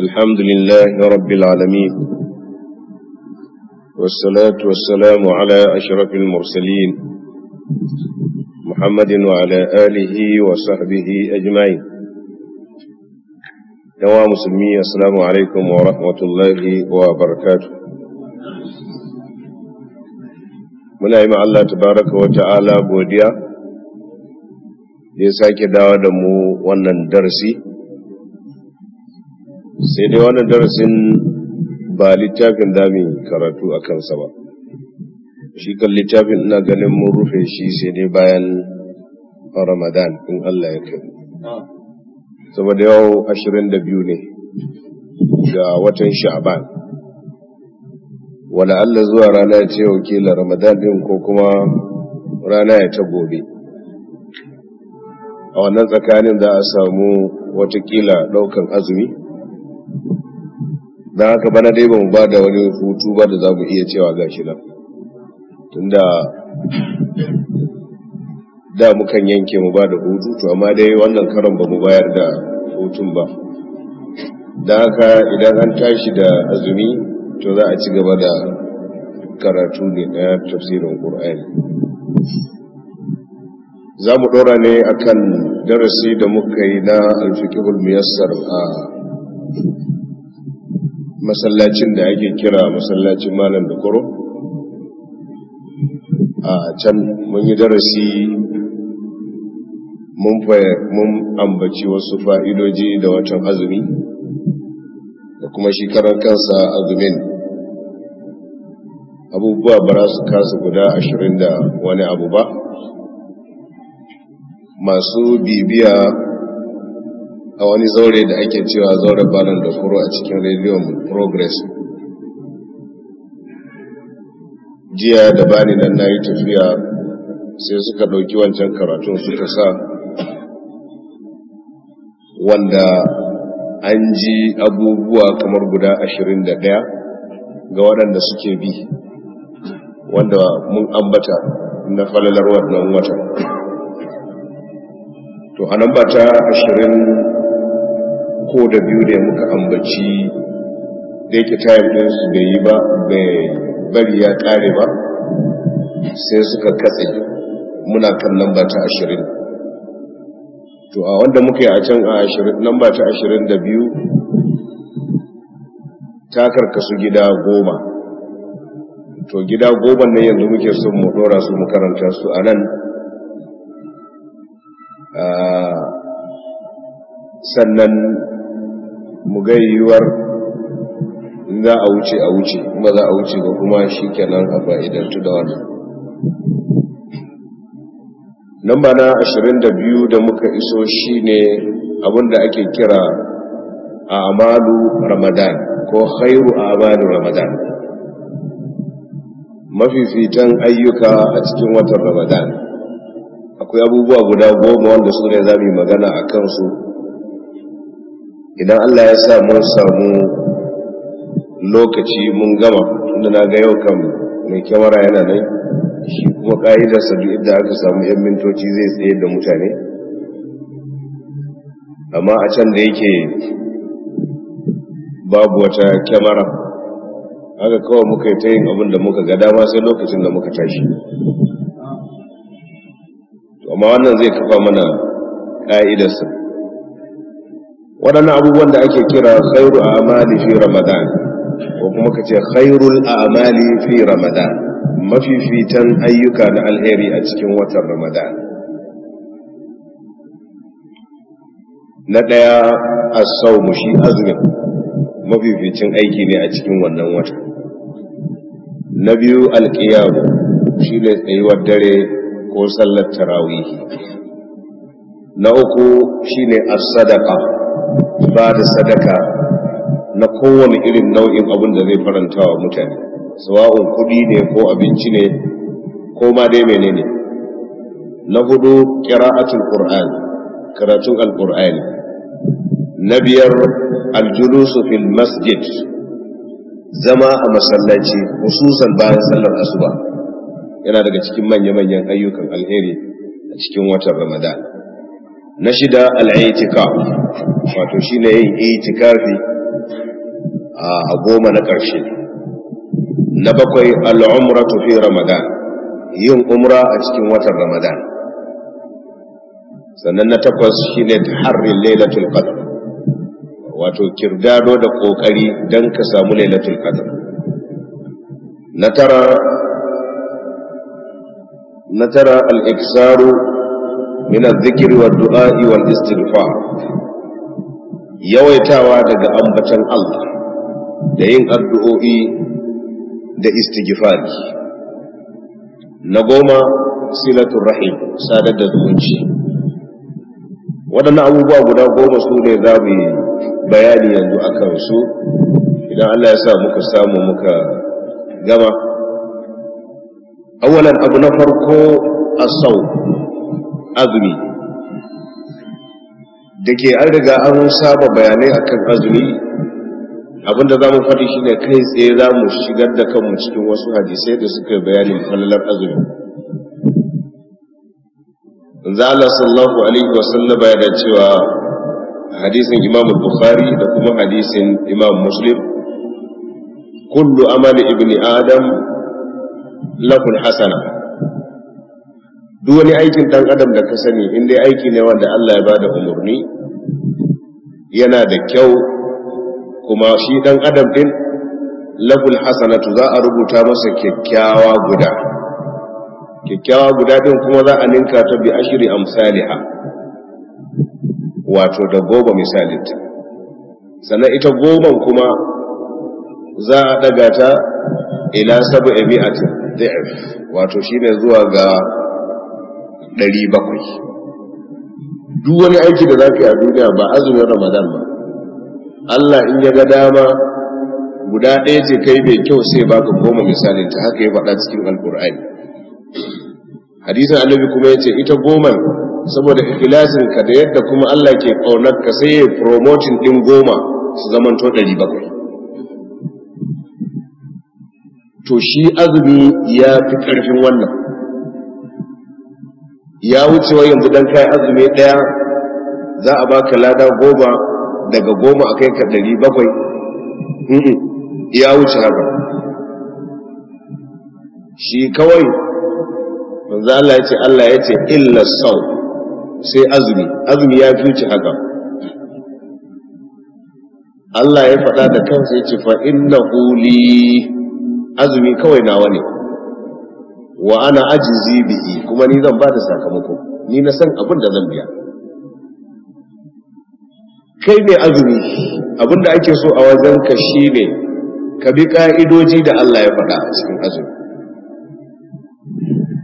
الحمد لله رب العالمين والصلاة والسلام على أشرف المرسلين محمد وعلى آله وصحبه أجمعين نوى مسلمي السلام عليكم ورحمة الله وبركاته من أيما الله تبارك وتعالى بوديا da ya sake dawo da mu wannan darasi sai dai wannan darasin ba littafin dami karatu a kansa ba shi kan littafin ina ganin mun rufe shi sai dai bayan ramadan in allah ya kai saboda yau ashirin da biyu ne ga watan sha'ban wala Allah zuwa rana ya ce wakila Ramadan din ko kuma rana ya ta gobe a wannan tsakanin za a samu watakila ɗaukan azumi don haka bana dai ba mu ba da wani hutu ba da za mu iya cewa ga shi nan tunda da mukan yanke mu ba da hutu to amma dai wannan karon ba mu bayar da hutun ba don haka idan an tashi da azumi to za a ci gaba da karatu ne na tafsirin ƙur'ani za mu ɗora ne a kan darasi da muka yi na alfikihul miyassar a masallacin da ake kira masallacin malam da koro a can mun yi darasi mun ambaci wasu fa'idoji da watan azumi da kuma shi kansa azumin abubuwa ba za su kasa guda ashirin da wani abu ba masu bibiya a wani zaure da ake cewa zaure balon da kuro a cikin rediyon progress jiya da bani nan na yi tafiya sai suka ɗauki wancan karatun suka sa wanda an ji abubuwa kamar guda ashirin da ɗaya ga waɗanda suke bi wanda mun ambata na falalar wannan watan to a ba ta ashirin ko da biyu da muka ambaci da yake tayar ɗin su bai yi ba bai bari ya ƙare ba sai suka katse muna kan ba ta ashirin to a wanda muka yi a can a ashirin ba ta ashirin da biyu ta karkasu gida goma to gida goma ne yanzu muke son mu ɗora su mu karanta su a nan Ah, sannan mu ga yiwuwar za a wuce a wuce ba za a wuce ba kuma shi kenan a fa'idantu da wannan lamba na ashirin da biyu da muka iso shi ne abinda ake kira a amalu ramadan ko khairu a amalu ramadan fitan ayyuka a cikin watan ramadan akwai abubuwa guda goma wanda su ne za mu yi magana a kansu idan allah ya sa mun samu lokaci mun gama tunda na ga yau kan mai kyamara yana nan shi kuma ƙa'idarsa duk inda aka samu 'yan mintoci zai tsaye da mutane amma a can da yake babu wata kyamara haka kawai muka yi ta yin abin da muka ga dama sai lokacin da muka tashi amma wannan zai kafa mana ƙa'idarsa waɗannan abubuwan da ake kira khairu a amali fi ramadan ko kuma ka ce khairul amali fi ramadan mafifitan ayyuka na alheri a cikin watan ramadan na ɗaya asau shi azumin mafificin aiki ne a cikin wannan wata na biyu alƙiyamu shi ne tsayuwar dare ko sallar tarawihi na uku shine as-sadaqa ba da sadaka na kowane irin nau'in abin da zai faranta wa mutane sawa'un kuɗi ne ko abinci ne ko ma dai menene na hudu qira'atul qur'an karatun alqur'ani na biyar aljulusu fil masjid zama a masallaci hususan bayan sallar asuba yana daga cikin manya-manyan ayyukan alheri a cikin watan ramadan na shida al'itikaf wato shine yin itikafi a goma na ƙarshe na bakwai al'umratu fi ramadan yin umra a cikin watan ramadan sannan na takwas shine harin lailatul qadr wato kirdado da kokari don ka samu lailatul qadr na tara na tara al-iksaru min adh-dhikri wa du'a'i wal istighfar yawaitawa daga ambatan Allah da yin addu'o'i da istighfari na goma silatul rahim sadar da zumunci waɗannan abubuwa guda goma su ne za mu bayani yanzu a kansu idan Allah ya sa muka samu muka gama أولا abu na farko أذني azumi da ke an riga an saba bayanai akan azumi abinda za mu faɗi shi ne kai tsaye za mu shigar da kanmu cikin wasu hadisai da suka bayanin falalar azumi zala sallahu alaihi wasallama yana cewa hadisin imam bukhari da kuma hadisin imam muslim kullu amali ibni adam Lakul hasana duk wani aikin dan adam da ka sani in dai aiki ne wanda Allah ya bada umurni yana da kyau kuma shi dan adam din Lakul hasanatu za a rubuta masa kyakkyawa guda kyakkyawa guda din kuma za a ninka ta bi ashiri amsaliha wato da goma misalinta sannan ita goman kuma za a daga ta ila sabu'i mi'atin dhi'f wato shine zuwa ga 700 duk wani aiki da zaka yi a duniya ba azumin ramadan ba Allah in ya ga dama guda ɗaya ce kai bai kyau sai baka goma misalin ta haka ya faɗa cikin alkur'ani hadisin annabi kuma ya ce ita goma saboda ikhlasin ka da yadda kuma Allah ke kaunar ka sai ya promoting din goma su zamanto 700 to shi azumi ya fi ƙarfin wannan ya wucewa yanzu dan kai azumi ɗaya za a baka lada goma daga goma a kai ka ɗari bakwai ya wuce haka shi kawai manzo Allah ya ce Allah ya ce illa sau sai azumi azumi ya fi wuce haka Allah ya faɗa da kansa ya ce fa innahu li azumi kawai nawa ne wa ana ajin zibi kuma ni zan bada sakamako ni na san abin da zan biya kai ne azumi abin da ake so a wajen ka shi ne ka bi ka'idoji da Allah ya faɗa a cikin azumi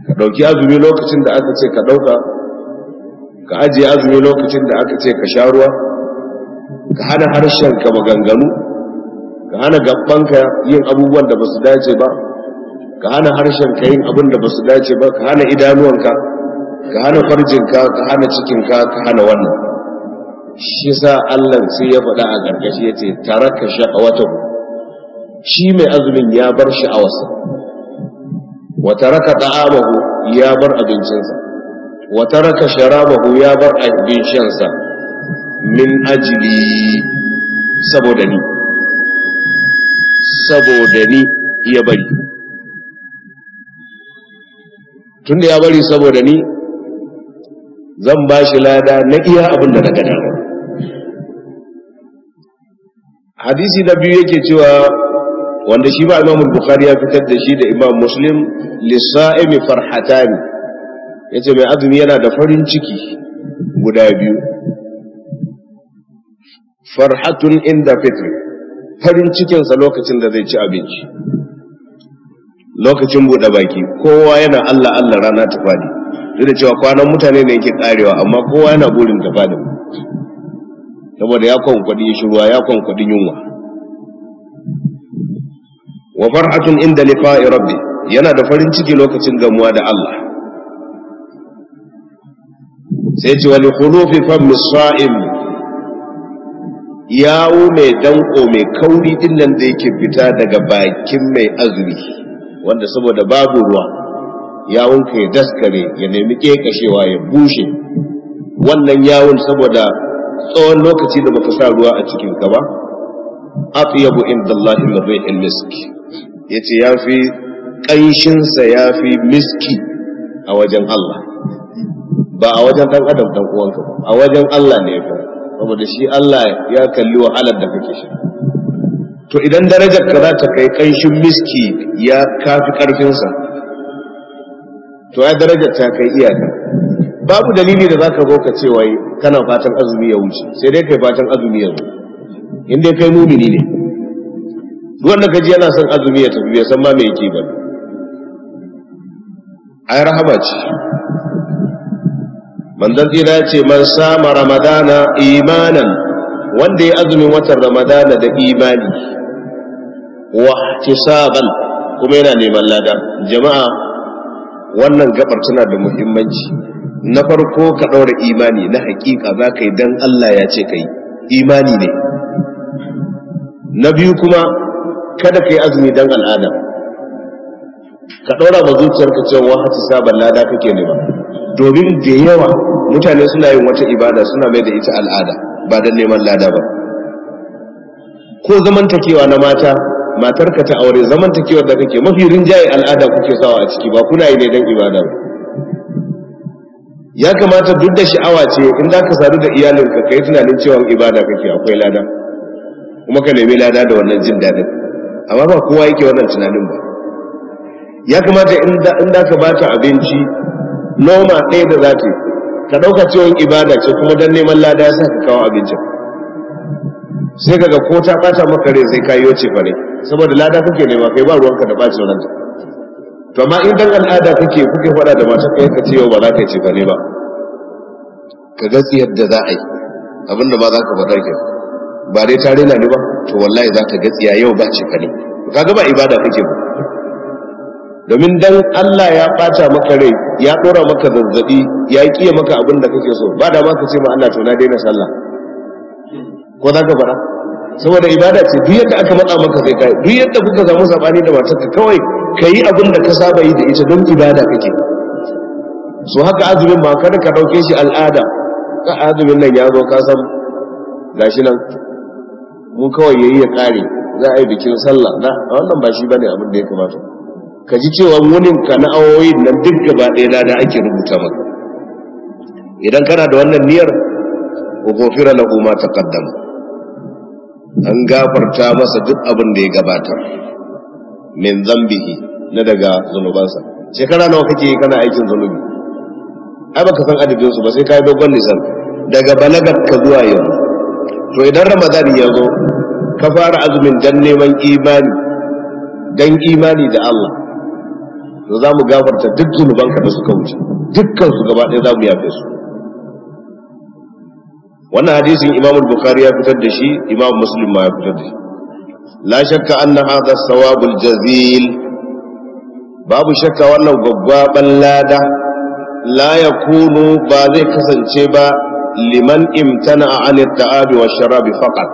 ka ɗauki azumi lokacin da aka ce ka ɗauka ka ajiye azumi lokacin da aka ce ka sha ruwa ka hana harshen ka maganganu ka hana gabbanka yin abubuwan da basu dace ba ka hana harshen ka yin abin da basu dace ba ka hana idanuwanka ka hana farjinka ka hana cikinka ka hana wannan shi sa Allah sai ya faɗa a gargashi ce taraka shahawatahu shi mai azumin ya bar sha'awarsa wa taraka ta'amahu ya bar abincinsa wa taraka sharabahu ya bar abincinsa shansa min ajli saboda ni saboda ni ya bari tunda ya bari saboda ni zan ba shi lada na iya abin da na gada hadisi na biyu yake cewa wanda shi ba imam bukhari ya fitar da shi da imam muslim lissa'imi farhatani yace mai azumi yana da farin ciki guda biyu farhatun inda fitri farin cikinsa lokacin da zai ci abinci lokacin buɗe baki kowa yana Allah Allah rana ta fadi duk da cewa kwanan mutane ne yake karewa amma kowa yana burin ta fadi saboda ya kwankwaɗi shirwa ya kwankwaɗi yunwa wa far'atun inda liqa'i rabbi yana da farin ciki lokacin gamuwa da Allah sai ce wani khulufi fam misra'im yawo mai danko mai kauri din nan da yake fita daga bakin mai azumi wanda saboda babu ruwa ka ya daskare ya nemi kekashewa ya bushe wannan yawon saboda tsawon lokaci da baka sa ruwa a cikin ka ba atyabu indallahi min rihil misk yace yafi kanshin sa yafi miski a wajen Allah ba a wajen dan adam dan uwanka ba a wajen Allah ne ba saboda shi Allah ya kalli wahalar da kake shi to idan darajar ka za ta kai kanshin miski ya kafi karfinsa to ya darajar ta kai iyaka babu dalili da zaka zo ka ce wai kana fatan azumi ya wuce sai dai kai fatan azumi ya zo in kai mumini ne duk wanda kaji yana son azumi ya tafi bai san ma me yake ba ai rahama ce manzon tsira ya ce man sama ramadana imanan wanda ya azumin watan ramadana da imani wa tisaban kuma yana neman lada jama'a wannan gabar tana da muhimmanci na farko ka ɗaura imani na hakika za ka yi don Allah ya ce ka yi imani ne na biyu kuma kada ka yi azumi don al'ada ka ɗaura ma zuciyarka cewa wata sabon lada kake nema domin da yawa mutane suna yin wata ibada suna mai da ita al'ada ba don neman lada ba ko zamantakewa na mata matar ka ta aure zamantakewar da kake mafi rinjaye al'ada kuke sawa a ciki ba kuna yi ne don ibada ba ya kamata duk da sha'awa ce in za ka sadu da iyalinka ka yi tunanin cewa ibada kake akwai lada kuma ka nemi lada da wannan jin daɗin amma ba kowa yake wannan tunanin ba ya kamata in za ka bata abinci noma ɗaya da za ta yi ka ɗauka ciwon ibada ce kuma don neman lada ya sa ka kawo abincin sai kaga ko ta ɓata maka rai sai kayo ce fa ne saboda lada kake nema kai ba ruwanka da ɓacin ranta to amma in dan al'ada kake kuke faɗa da matar kai ka ce yau ba za ka ce fa ne ba ka ga yadda da za a yi abinda ba za ka faɗa ke ba dai ta rena ni ba to wallahi za ka ga tsiya yau ba ce fa ne kaga ba ibada kake ba domin dan Allah ya ɓata maka rai ya ɗora maka zazzaɓi ya ƙiya maka abin da kake so ba da ma ka ce ma Allah to na daina sallah ko za ka fara? saboda ibada ce duk yadda aka matsa maka sai kai duk yadda kuka zama sabani da matarka kawai ka yi abin da ka saba yi da ita don ibada kake so haka azumin ba kada ka ɗauke shi al'ada ka azumin nan ya zo ka san gashi nan mu kawai yayi ya kare za a yi bikin sallah na wannan ba shi bane abin da ya kamata ka ji cewa wunin ka na awoyin nan duk gaba ɗaya da ake rubuta maka idan kana da wannan niyyar wa gofira lahu ma taqaddama an gafarta masa duk abin da ya gabatar min zambihi na daga zunubansa shekara nawa kake kana aikin zunubi ai baka san adadin su ba sai kai dogon lisan daga balagar ka zuwa yau to idan ramadan ya zo ka fara azumin dan neman imani dan imani da Allah to za mu gafarta duk zunubanka da suka wuce dukkan su gaba ɗaya za mu yafe su wannan hadisin imam bukhari ya fitar da shi imam muslim ma ya fitar da shi la shakka anna hadha sawabul jazil babu shakka wannan gwaggwaban lada la yakunu ba zai kasance ba liman imtana an at-ta'abi wa sharabi faqat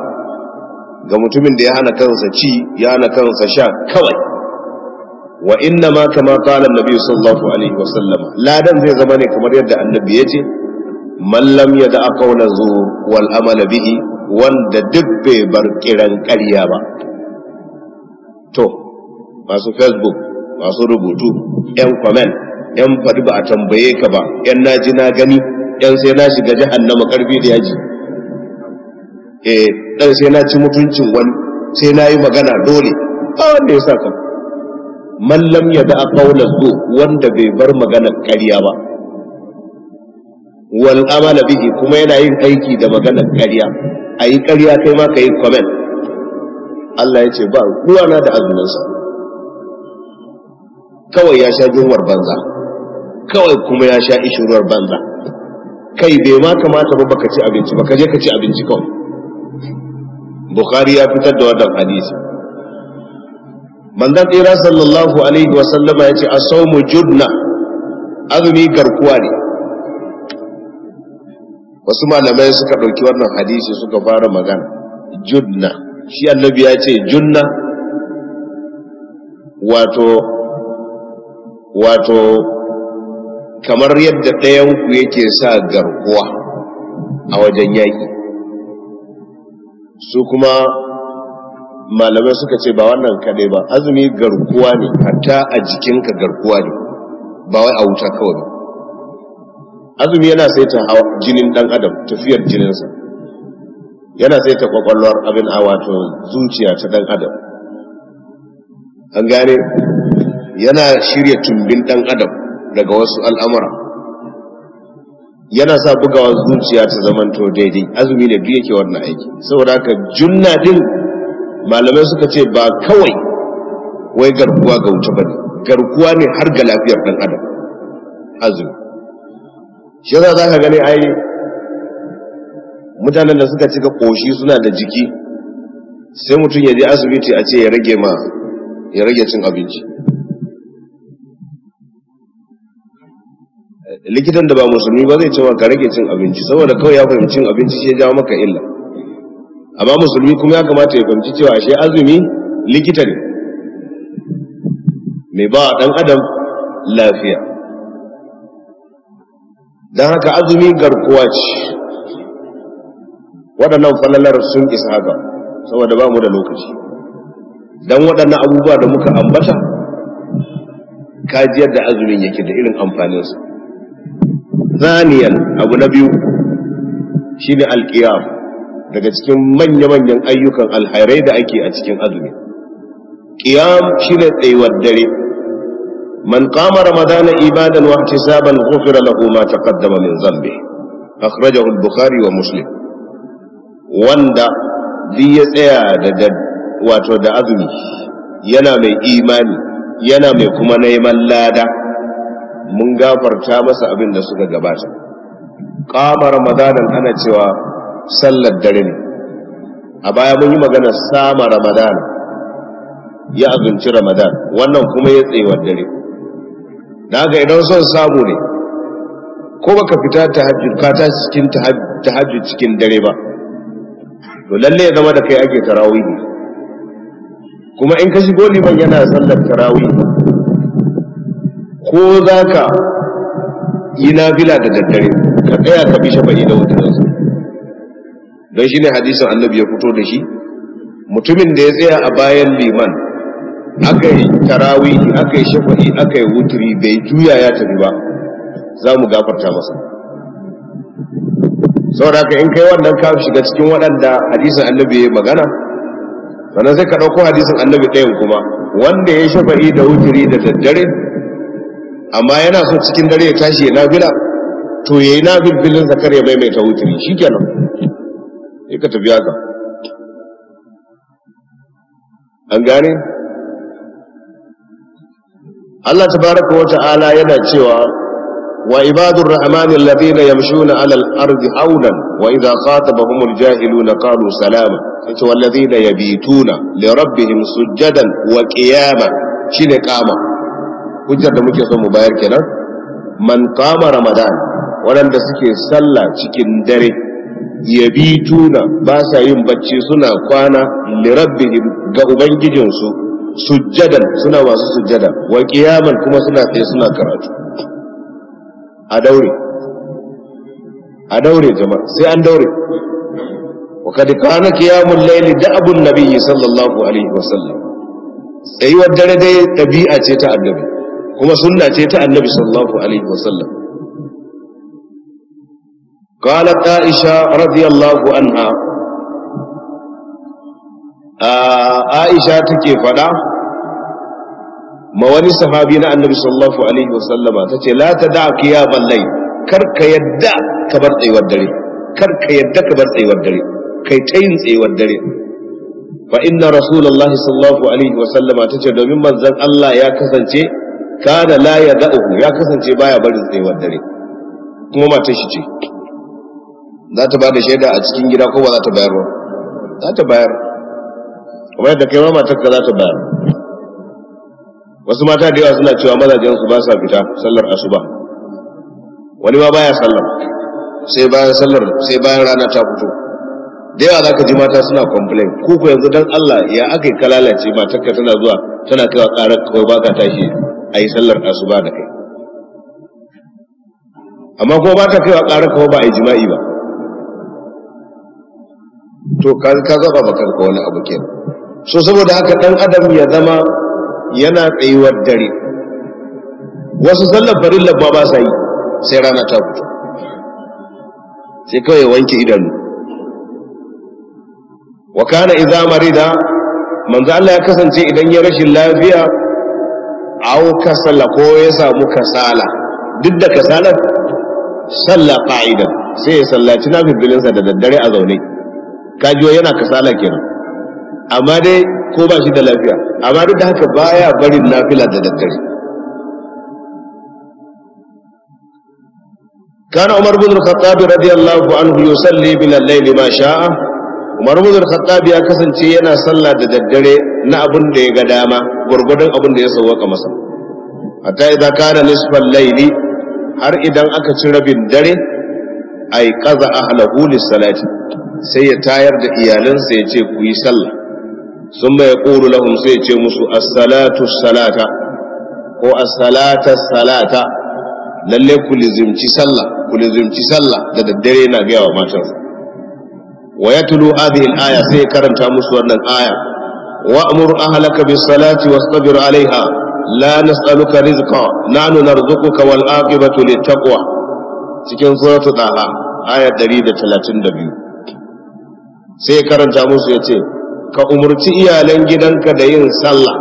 ga mutumin da ya hana kansa ci ya hana kansa sha kawai wa inna ma kama qala annabi sallallahu alaihi wa sallam ladan zai zama ne kamar yadda annabi yace man lam yada'a qawla zu wal amala bihi wanda duk bai bar kiran ƙarya ba to masu facebook masu rubutu yan comment yan faɗi ba a tambaye ka ba yan naji na gani yan sai na shiga ji jahannama karfi da yaji eh dan sai na ci mutuncin wani sai na yi magana dole a wanda ya sa ka mallam ya da qawla zu wanda bai bar maganar ƙarya ba wal amala bihi kuma yana yin aiki da maganar ƙarya yi ƙarya kai ma ka yi comment Allah ya ce ba na da azumin sa kawai ya sha jumar banza kawai kuma ya sha ishiruwar banza kai bai ma kamata ba baka ci abinci ba ka je ka ci abinci kawai bukhari ya fitar da wannan hadisi manzon tsira sallallahu alaihi wasallama ya ce saumu judna azumi garkuwa ne wasu malamai suka ɗauki wannan hadisi suka fara magana judna shi annabi ya ce junna wato wato kamar yadda ɗayanku yake sa garkuwa a wajen yaƙi su kuma malamai suka ce ba wannan kaɗai ba azumi garkuwa ne hatta a jikinka garkuwa ne ba wai a wuta kawai azumi yana saita jinin ɗan adam tafiyar jininsa yana saita kwakwalwar abin a wato zuciya ta ɗan adam an gane yana shirya tumbin ɗan adam daga wasu al'amura yana sa bugawa zuciya ta zamanto daidai azumi ne duk yake wannan aiki saboda haka junna din malamai suka ce ba kawai wai garkuwa ga wuce ne. garkuwa ne har ga lafiyar dan adam azumi shi yasa zaka gani ai mutanen da suka cika koshi suna da jiki sai mutum ya je asibiti a ce ya rage ma ya rage cin abinci likitan da ba musulmi ba zai ce ka rage cin abinci saboda kawai ya fahimci cin abinci shi ya jawo maka illa ba musulmi kuma ya kamata ya fahimci cewa ashe azumi likita ne mai ba dan adam lafiya don haka azumi garkuwa ce waɗannan falalar sun isa haka saboda ba mu da lokaci don waɗannan abubuwa da muka ambata kajiyar da azumin yake da irin amfaninsa zaniyan abu na biyu shi ne daga cikin manya-manyan ayyukan alhairai da ake a cikin azumi qiyam shine tsayuwar dare man qama ramadana ibadan wa ihtisaban ghufira lahu ma taqaddama min dhanbi akhrajahu al-bukhari wa muslim wanda duk ya tsaya da wato da azumi yana mai imani yana mai kuma neman lada mun gafarta masa abin da suka gabata qama ramadanan ana cewa sallar dare ne a baya mun yi magana sama ramadan ya abinci ramadan wannan kuma ya tsewar dare da ga idan son samu ne ko baka fita hajji ka ta cikin ta hajji cikin dare ba to lalle ya zama da kai ake tarawih kuma in ka shigo liman yana sallar tarawih ko za ka yi nafila da daddare ka tsaya ka bi shafa'i da wutar don shi ne hadisin annabi ya fito da shi mutumin da ya tsaya a bayan liman aka yi tarawihi aka yi shafa'i aka yi wuturi bai juya ya tafi ba za mu gafarta masa saboda in kai wannan ka shiga cikin waɗanda hadisin annabi ya magana sannan sai ka ɗauko hadisin annabi ɗayan kuma wanda ya shafa'i da wuturi da daddare amma yana so cikin dare ya tashi ya nafila to ya yi filin zakar ya maimaita wuturi kenan. sai ka tafi haka an gane Allah tabaraka wa ta'ala yana cewa wa ibadur rahmanil ladina yamshuna alal ardi hawlan wa idza khatabahumul jahiluna qalu salama yace wal ladina yabituna li rabbihim sujadan wa qiyama shine kama hujjar da muke so mu bayar kenan man qama ramadan waɗanda suke sallah cikin dare yabituna ba sa yin bacci suna kwana lirabbihim ga ubangijinsu sujjadan suna masu sujjada wa qiyaman kuma suna tsaye suna karatu a daure a daure jama'a sai an daure wa kad kana qiyamul layli da'abun nabiyyi sallallahu alaihi wasallam tsayuwar dare dai tabi'a ce ta annabi kuma sunna ce ta annabi sallallahu alaihi wasallam قالت عائشة رضي الله عنها عائشة تكي فدا ما وني صحابينا النبي صلى الله عليه وسلم تتي لا تدع قيام الليل كرك يدع كبر tsayuwar dare karka yadda ka bar tsayuwar dare kai ta yin tsayuwar dare fa inna rasulullahi alaihi wa sallama tace domin manzon Allah ya kasance kana la ya da'u ya kasance baya barin tsayuwar dare kuma matar shi ce za ta ba da shaida a cikin gida ko ba za ta bayar ba za ta bayar kuma yadda kai ma matarka za ta bayar wasu mata da yawa suna cewa mazajensu ba sa fita sallar asuba wani ma baya sallar sai bayan sallar sai bayan rana ta fito da yawa za ka ji mata suna complain ko ko yanzu dan Allah ya aka ka lalace matarka tana zuwa tana kaiwa karar kawai baka tashi a yi sallar asuba da kai amma ko ba ta kaiwa karar kawai ba a yi jima'i ba to ka zaba ba wani abu ke so saboda haka dan adam ya zama yana tsayuwar dare wasu sallar farin labba ba sa yi sai rana ta fito sai kawai wanke idanu wa kana idza marida manzo Allah ya kasance idan ya rashin lafiya au kasala ko ya samu kasala duk da kasalar sallah qa'ida sai ya sallaci bilinsa da daddare a zaune kajiyo yana kasala kenan amma dai ko ba shi da lafiya amma duk da haka baya barin nafila da daddare كان عمر بن الخطاب رضي الله عنه يصلي من الليل ما شاء عمر بن الخطاب ya kasance yana sallah da daddare na abun da ya ga dama gurgurdan abun da ya sauka masa hatta idza kana nisfal layli har idan aka ci rabin dare ay qaza ahlahu lis salati sai ya tayar da iyalansa ya ce ku yi sallah sun mai ƙoru lahum sai ya ce musu assalatu salata ko assalata salata lalle ku lizimci sallah ku lizimci sallah da daddare na gaya wa matarsa wa ya tulu hadhihi al-aya sai ya karanta musu wannan aya wa amur ahlaka bis salati wastabir alaiha la nas'aluka rizqa nanu narzuquka wal aqibatu lit taqwa cikin suratul taha aya 132 sai karanta musu ya ce ka umarci iyalan gidanka da yin sallah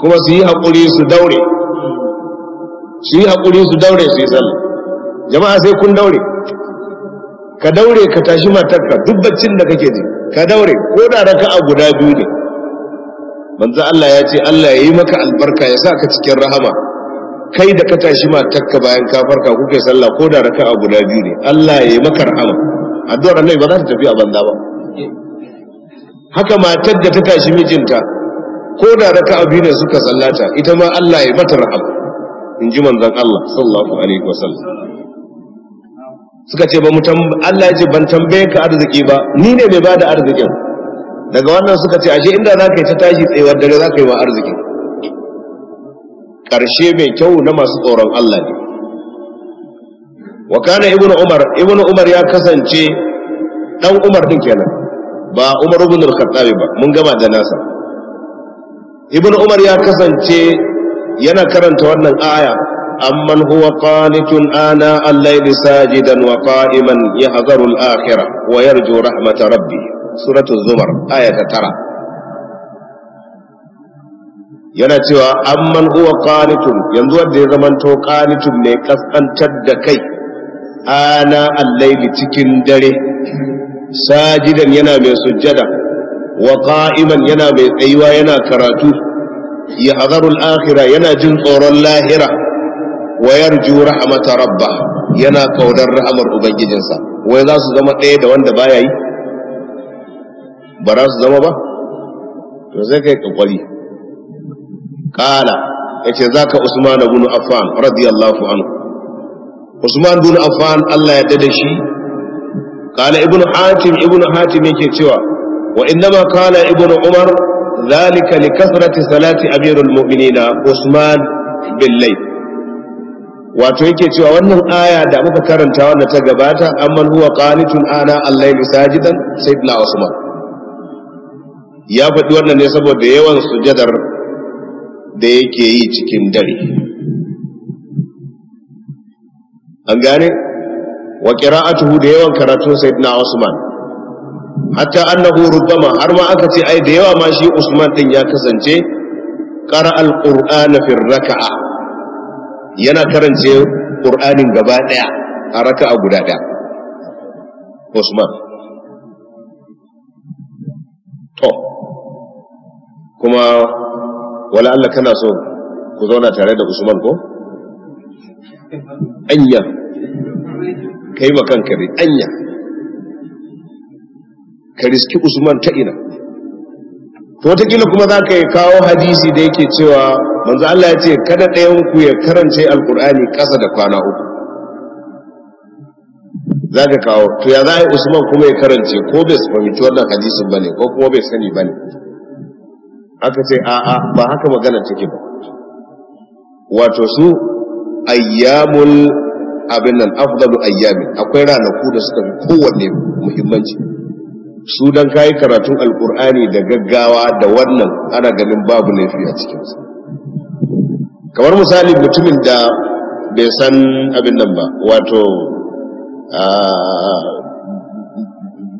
kuma su yi haƙuri su daure su yi haƙuri su daure su yi sallah jama'a sai kun daure ka daure ka tashi matarka duk baccin da kake ji ka daure ko da a guda biyu ne manzo Allah ya ce Allah ya yi maka albarka ya sa ka cikin rahama kai da ka tashi matarka bayan ka farka kuke sallah ko da a guda biyu ne Allah ya yi maka rahama addu'ar annabi ba za ta tafi a banza ba haka matar da ta tashi mijinta ko da raka abin ne suka sallata ita ma Allah ya mata rahab in ji manzon Allah sallallahu alaihi wasallam suka ce ba mu Allah ya ce ban tambaye ka arziki ba ni ne mai bada arzikin daga wannan suka ce ashe inda za ka yi ta tashi tsayuwar dare za ka yi wa arziki ƙarshe mai kyau na masu tsoron Allah ne wa kana ibn umar ibn umar ya kasance dan umar din kenan ba umar ibn al-khattab ba mun gama da nasa ibn umar ya kasance yana karanta wannan aya amman huwa qanitun ana al-layli sajidan wa qa'iman yahzaru al-akhirah wa yarju rahmat rabbi suratul zumar aya ta tara yana cewa amman huwa qanitun yanzu wanda ya zamanto qanitun ne kaskantar da kai ana allaili cikin dare sajidan yana mai sujjada wa qa'iman yana mai tsayuwa yana karatu ya hazarul akhirah yana jin tsoron lahira wa yarju rahmat rabba yana kaudar rahmar ubangijinsa wai za su zama ɗaya da wanda baya yi ba za su zama ba to sai kai kokari kala yace zaka usman ibn affan radiyallahu anhu usman bin affan Allah ya dada shi kana ibn hatim ibn hatim yake cewa wa innama kana ibn umar zalika li kasrati salati amirul mu'minina usman bin layl wato yake cewa wannan aya da muka karanta wannan ta gabata amman huwa qanitun ana al-layli sajidan sayyidina usman ya faɗi wannan ne saboda yawan sujadar da yake yi cikin dare an gane wa qira'atuhu da yawan karatun sayyidina Usman hatta annahu rubbama har ma aka ce ai da yawa ma shi Usman din ya kasance qara al-qur'ana fi raka'a yana karance qur'anin gaba daya a raka'a guda daya Usman to kuma wala Allah kana so ku zauna tare da Usman ko anya kai ma kanka ne anya ka riski usman ta ina to wataƙila kuma za ka kawo hadisi da yake cewa manzo Allah ya ce kada ɗayan ku ya karance alkur'ani ƙasa da kwana uku za ka kawo to ya za a yi usman kuma ya karance ko bai su fahimci wannan hadisin ba ne ko kuma bai sani ba ne aka ce a'a ba haka magana take ba wato su ayyamul abin nan afdalu ayyamin akwai ranaku da suka fi kowanne muhimmanci su dan kai karatun alkur'ani da gaggawa da wannan ana ganin babu laifi a cikinsa kamar misali mutumin da bai san abin nan ba wato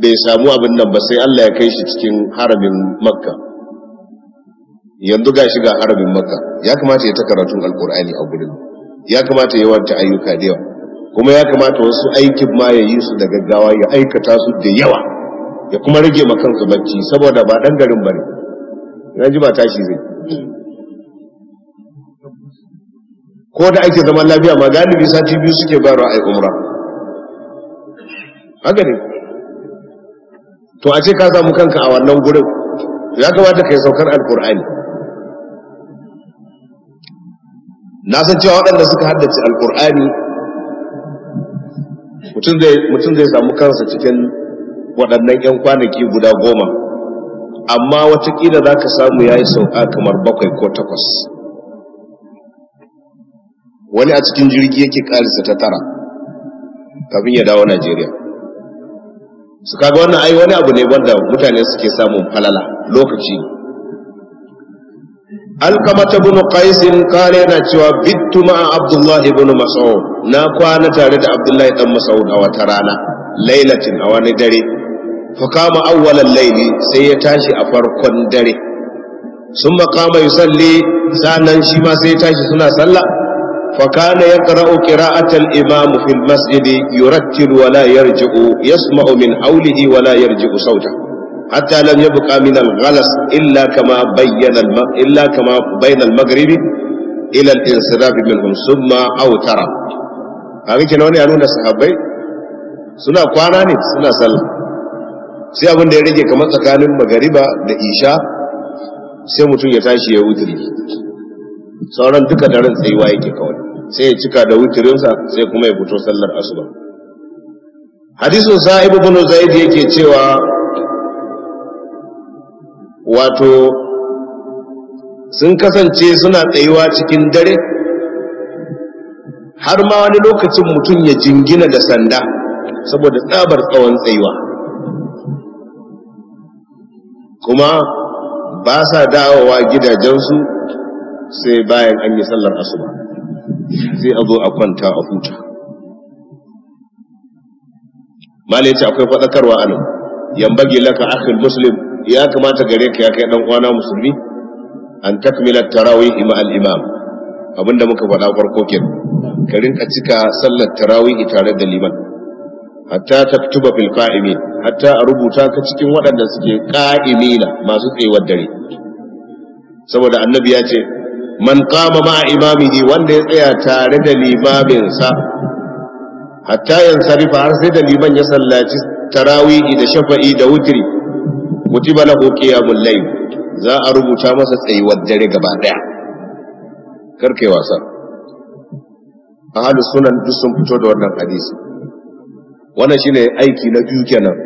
bai samu abin nan ba sai Allah ya kai shi cikin harabin makka yanzu ga shiga harabin makka ya kamata ya ta karatun alkur'ani a gurin ya kamata ya wanta ayyuka da yawa kuma ya kamata wasu aikin ma ya yi su da gaggawa ya aikata su da yawa ya kuma rage ma su bacci saboda ba dan garin bane na ji ba tashi zai ko da ake zaman lafiya ma galibi sati biyu suke bayarwa ai umra haka ne to a ce ka samu kanka a wannan gurin ya kamata ka yi saukar alkur'ani na san cewa waɗanda suka haddace Alƙur'ani, mutum zai samu kansa cikin waɗannan 'yan kwanaki guda goma amma watakila za ka samu ya yi sauka kamar bakwai ko takwas wani a cikin jirgi yake ƙarisa ta tara kafin ya dawo najeriya su kaga wannan ai wani abu ne wanda mutane suke samun falala lokaci alkamata bin qaisin kare yana cewa bittu ma'a abdullahi bin mas'ud na kwana tare da abdullahi dan mas'ud a wata rana lailatin a wani dare fa kama awwalan laili sai ya tashi a farkon dare sun makama yusalli sanan shi ma sai ya tashi suna sallah fa kana yaqra'u qira'atal imam fil masjidi yurattil wa la yarji'u yasma'u min hawlihi wa la yarji'u sawtahu hatta لم يبقى من الغلس إلا illa kama bayyana illa kama bayna al-maghrib ila al-insiraf minhum thumma awtara kaga kenan wani ya nuna sahabbai suna kwana ne suna sallah sai abin da ya rage kamar tsakanin magariba da isha sai mutum ya tashi ya wuturi sauran duka daren tsayuwa yake kawai sai ya cika da wutirinsa sai kuma ya fito sallar asuba hadisin sa'ib yake cewa wato sun kasance suna tsayuwa cikin dare har ma wani lokacin mutum ya jingina da sanda saboda tsabar tsawon tsayuwa kuma ba sa dawowa gidajensu sai bayan an yi sallar asuba sai a zo a kwanta a huta malai ce akwai faɗakarwa anan yambage laka akhil muslim ya kamata gare ka ya kai dan uwana musulmi an takmila tarawih ma al imam abinda muka faɗa farko kenan ka rinka cika sallar tarawih tare da liman hatta taktuba fil qa'imin hatta a rubuta ka cikin waɗanda suke qa'imina masu tsayuwar dare saboda annabi ya ce man qama ma imamihi wanda ya tsaya tare da limaminsa hatta yansarifa har sai da liman ya sallaci tarawih da shafa'i da wutri kutiba lahu qiyamul layl za a rubuta masa tsayuwar dare gaba daya karkai wasa ahlu sunan duk sun fito da wannan hadisi wannan shine aiki na biyu kenan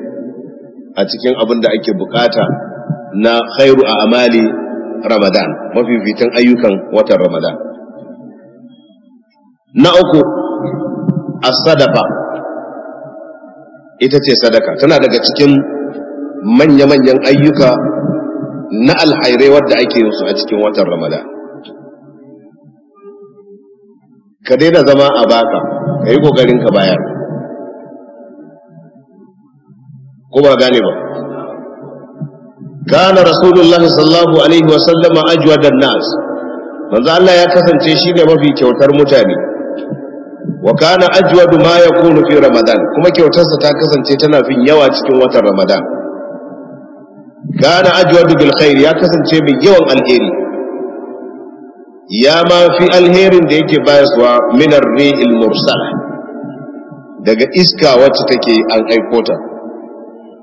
a cikin abin da ake bukata na khairu a amali ramadan mafifitan ayyukan watan ramadan na uku as-sadaqa ita ce sadaka tana daga cikin manya-manyan ayyuka na alhairai wadda ake yin su a cikin watan ramadan ka daina zama a baka ka yi kokarin ka bayar ko ba gane ba kana rasulullah sallallahu alaihi wasallam ajwadan nas manzo Allah ya kasance shi ne mafi kyautar mutane wa kana ajwadu ma yakunu fi ramadan kuma kyautarsa ta kasance tana fin yawa cikin watan ramadan kana ajwadu bil khair ya kasance mai yawan alheri ya ma fi alherin da yake bayaswa min ar-ri'il mursal daga iska wacce take an aiko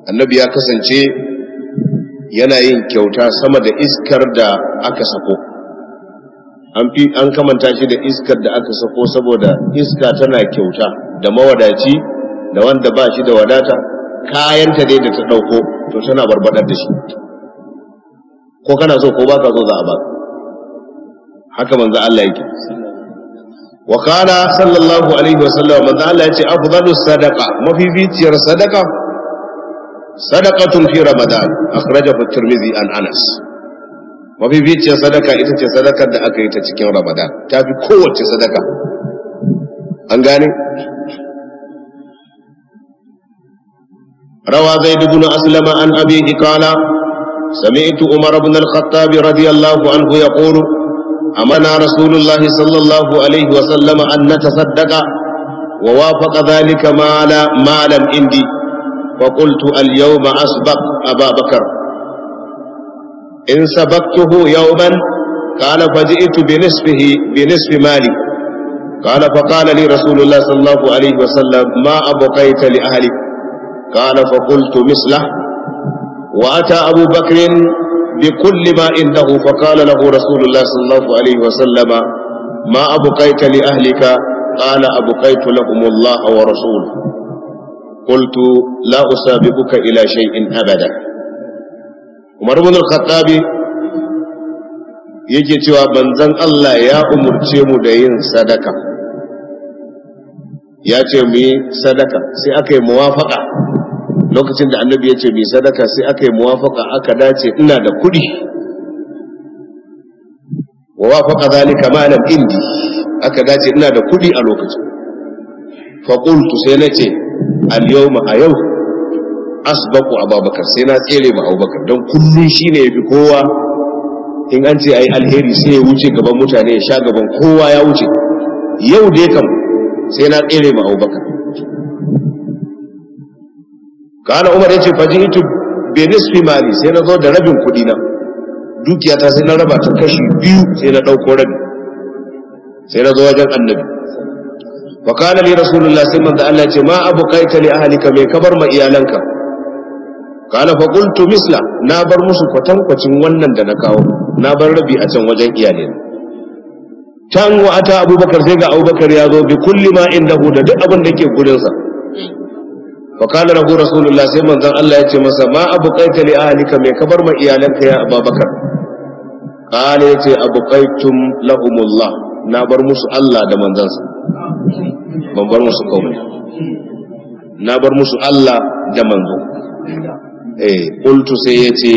annabi ya kasance yana yin kyauta sama da iskar da aka sako an fi an kamanta shi da iskar da aka sako saboda iska tana kyauta da mawadaci da wanda ba shi da wadata kayanta dai da ta ɗauko to tana barbadar da shi ko kana so ko baka so za a baka haka manzo Allah yake wa qala sallallahu alaihi wa sallam manzo Allah yace afdalu sadaqa mafificiyar sadaqa sadaqatun fi ramadan akhrajahu at-tirmidhi an anas mafificiyar sadaka ita ce sadakar da aka yi ta cikin ramadan ta fi kowace sadaka an gane روى زيد بن أسلم عن أبيه قال سمعت عمر بن الخطاب رضي الله عنه يقول أمنا رسول الله صلى الله عليه وسلم أن نتصدق ووافق ذلك مال مالا عندي فقلت اليوم أسبق أبا بكر إن سبقته يوما قال فجئت بنصفه بنصف مالي قال فقال لي رسول الله صلى الله عليه وسلم ما أبقيت لأهلك قال فقلت مثله وأتى أبو بكر بكل ما عنده فقال له رسول الله صلى الله عليه وسلم ما أبقيت لأهلك قال أبقيت لهم الله ورسوله قلت لا أسابقك إلى شيء أبدا عمر بن الخطاب yake cewa manzon Allah ya umurce mu da yin sadaka ya ce mu yi sadaka sai aka yi muwafaka lokacin da annabi ya ce mai sadaka sai aka yi muwafaka aka dace ina da kuɗi wa wafaka zalika malam indi aka dace ina da kuɗi a lokacin faƙultu sai na ce al-yawma a yau asbaku ababakar sai na tsere ma abubakar don kullum shi ne ya fi kowa in an ce a yi alheri sai ya wuce gaban mutane ya sha gaban kowa ya wuce yau dai kam sai na tsere ma abubakar kana umar ya ce faji ito benisfi mali sai na zo da rabin kuɗi na dukiya ta sai na raba ta kashi biyu sai na ɗauko rabi sai na zo wajen annabi wa kana li rasulullah sai manzo Allah ya ce ma abuqaita li ahlika mai kabar ma iyalanka kana fa qultu misla na bar musu kwatan kwacin wannan da na kawo na bar rabi a can wajen iyale can wa ata abubakar sai ga abubakar ya zo bi kulli ma indahu da duk abin da yake gurin sa fa kana lahu rasulullah sai manzon Allah ya ce masa ma abu qaita li ahlika me kabar ma iyalanka ya ababakar kana yace abu qaitum lahumullah na bar musu Allah da manzansa ban bar musu komai na bar musu Allah da manzo eh, sai yace